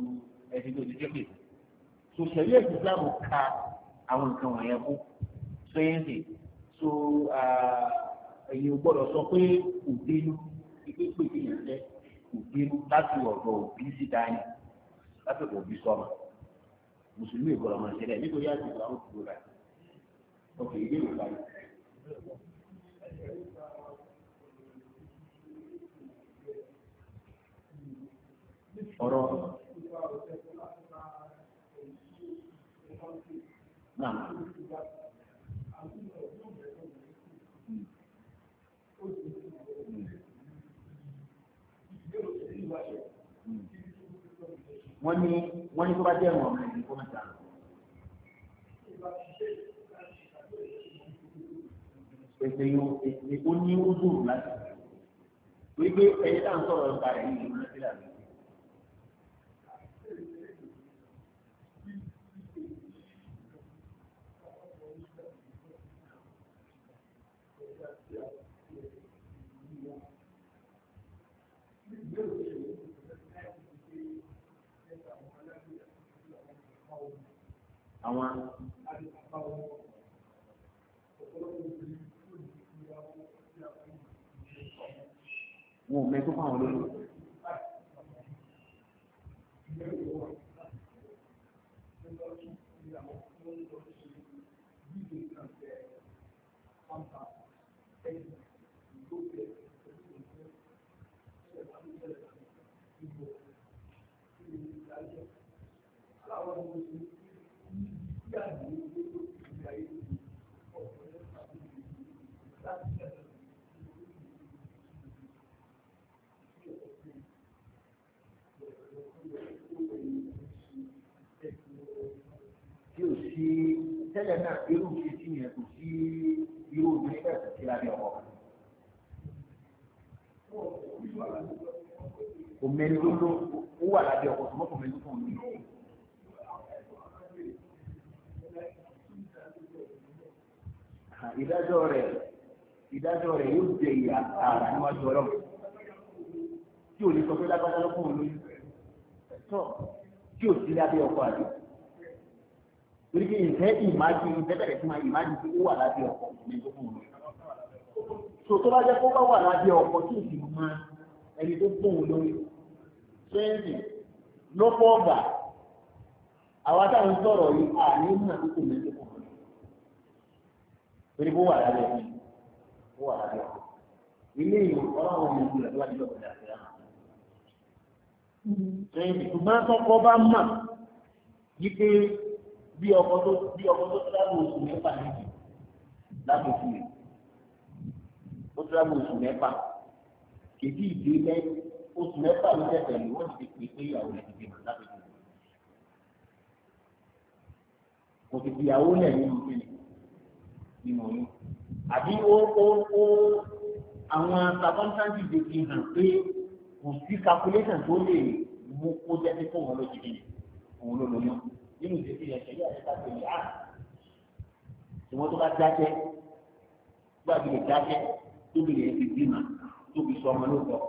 ẹ̀sìn tó ti tẹ́kẹ̀ sòṣèlú ẹ̀sìn Islam ka àwọn nǹkan wọ̀nyẹn kú sóyè ń sè so ah, ẹ̀yin ò gbọ́dọ̀ sọ pé kò dénú ipe pé kí yẹn jẹ́ kò dénú láti ọ̀dọ̀ òbí sí dání láti ọ̀dọ̀ òbí sọ́mà mùsùlùmí ìgbọ̀dọ̀ máa ṣẹlẹ̀ nítorí àti ìgbà ó dúró rà ọkọ̀ ìbéèrè báyìí. ọ̀rọ̀ náà. wọ́n ní wọ́n ní tó bá jẹ́ ìwọ̀n ọmọ ẹ̀yìn kó mẹ́ta. Ètè yóò ètè ó ní ó dùn láti. Wípé ẹ̀yẹ́ tá sọ̀rọ̀ nípa rẹ̀ yìí ló ń sílẹ̀ àná. àwọn wọn ò mẹ́kọ́ fáwọn olóòlù. tẹ́lẹ̀ náà irú fífi yẹn kò sí irú obìnrin bẹ́ẹ̀ kò sí lábẹ́ ọkọ. Òmìnirí ló ló ó wà lábẹ́ ọkọ tó mọ́kànlá ló fún mi. Ìdájọ́ rẹ̀ ìdájọ́ rẹ̀ yóò jẹ ìyà ààrà níwájú ọlọ́run tí ò ní sọ pé lágbájá lọ́kùnrin lóyún tọ́ tí ò sí lábẹ́ ọkọ àdúgbò torí pé ìfẹ́ ìmájì ìfẹ́ bẹ̀rẹ̀ sí máa ìmájì tí ó wà lábẹ́ ọkọ̀ ní tó fún un. so tó bá jẹ́ kó bá wà lábẹ́ ọkọ̀ tí ìsì mọ ẹni tó fún un lórí fẹ́ǹsì lọ́pọ̀ ọ̀gà àwa táwọn ń sọ̀rọ̀ yìí àní mọ̀ tó kò ní tó fún un. torí pé ó wà lábẹ́ ọkọ̀ ó wà lábẹ́ ọkọ̀ ilé ìlú ọlọ́run ọmọ ìlú rẹ̀ tó wà nílò ọ̀gá fẹ́ǹsì ṣùgbọ́n tọ́kọ bá mọ̀ yí pé bí ọkọ tó bí ọkọ tó tíráàbù oṣù mẹ́fà nìyí láti fún mi ó tíráàbù oṣù mẹ́fà kèdí ìdílé oṣù mẹ́fà ló tẹ̀sẹ̀ ní wọ́n ti pè pé ìyàwó rẹ̀ ti dìbò láti fún mi kò sì fi ìyàwó lẹ̀ nínú kíni nínú oyún àbí ó ó ó àwọn sàkọ́ńtáǹtì lè fi hàn pé kò sí calculation tó lè mú kó jẹ́ pé kó wọn ló ti dìbò òun ló lóyún nínú ìdíje yẹn ṣẹlẹ̀ àyíká tó yà á ìwọ́n tó bá dákẹ́ gbàgbé lè dákẹ́ tóbi lè fi bímà tóbi sọ ọmọ lóòótọ́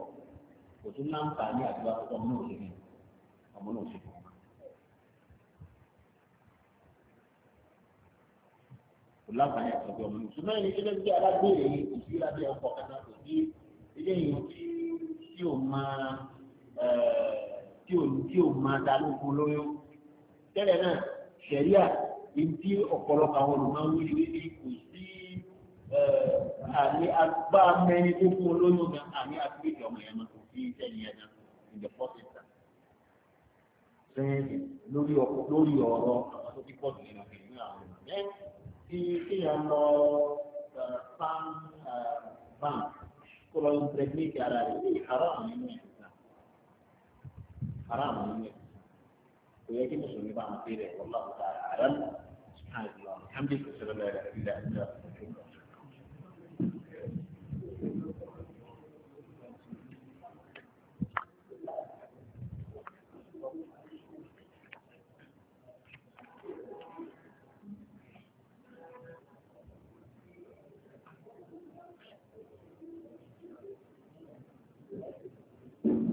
kò tún náà ń fà ní àdúrà ọmọ náà lè rìn ọmọ náà sì fún un. kò láǹfààní àtọ́jú ọmọ náà ṣùgbọ́n ẹni ilé gbé alágbèrè yìí kò sí lábẹ́ ọkọ̀ kẹta kò sí ilé yìí tí ò máa tí ò máa dá lóyún tẹ́lẹ̀ náà ṣẹ̀ríà ìdí ọ̀pọ̀lọpọ̀ àwọn olùmọ̀wé ìwé kò sí àní agbá mẹ́ni tó fún olóyún gan àní àtúwèjì ọmọ yẹn máa kò sí tẹ́lẹ̀ yẹn náà in the first instance. Sẹ́yìn lórí ọ̀rọ̀ àwọn tó ti pọ̀ jù nínú ìlú àwọn ìgbẹ́ tí kéèyàn lọ fan bank kó lọ impregnate ara rẹ̀ ní haram nínú ìlú náà. Haram nínú ìlú. kò ba kí mùsùlùmí da wọn pé rẹ̀ wọ́n lọ́wọ́ ta àrẹ́ sùpáàlì lọ́wọ́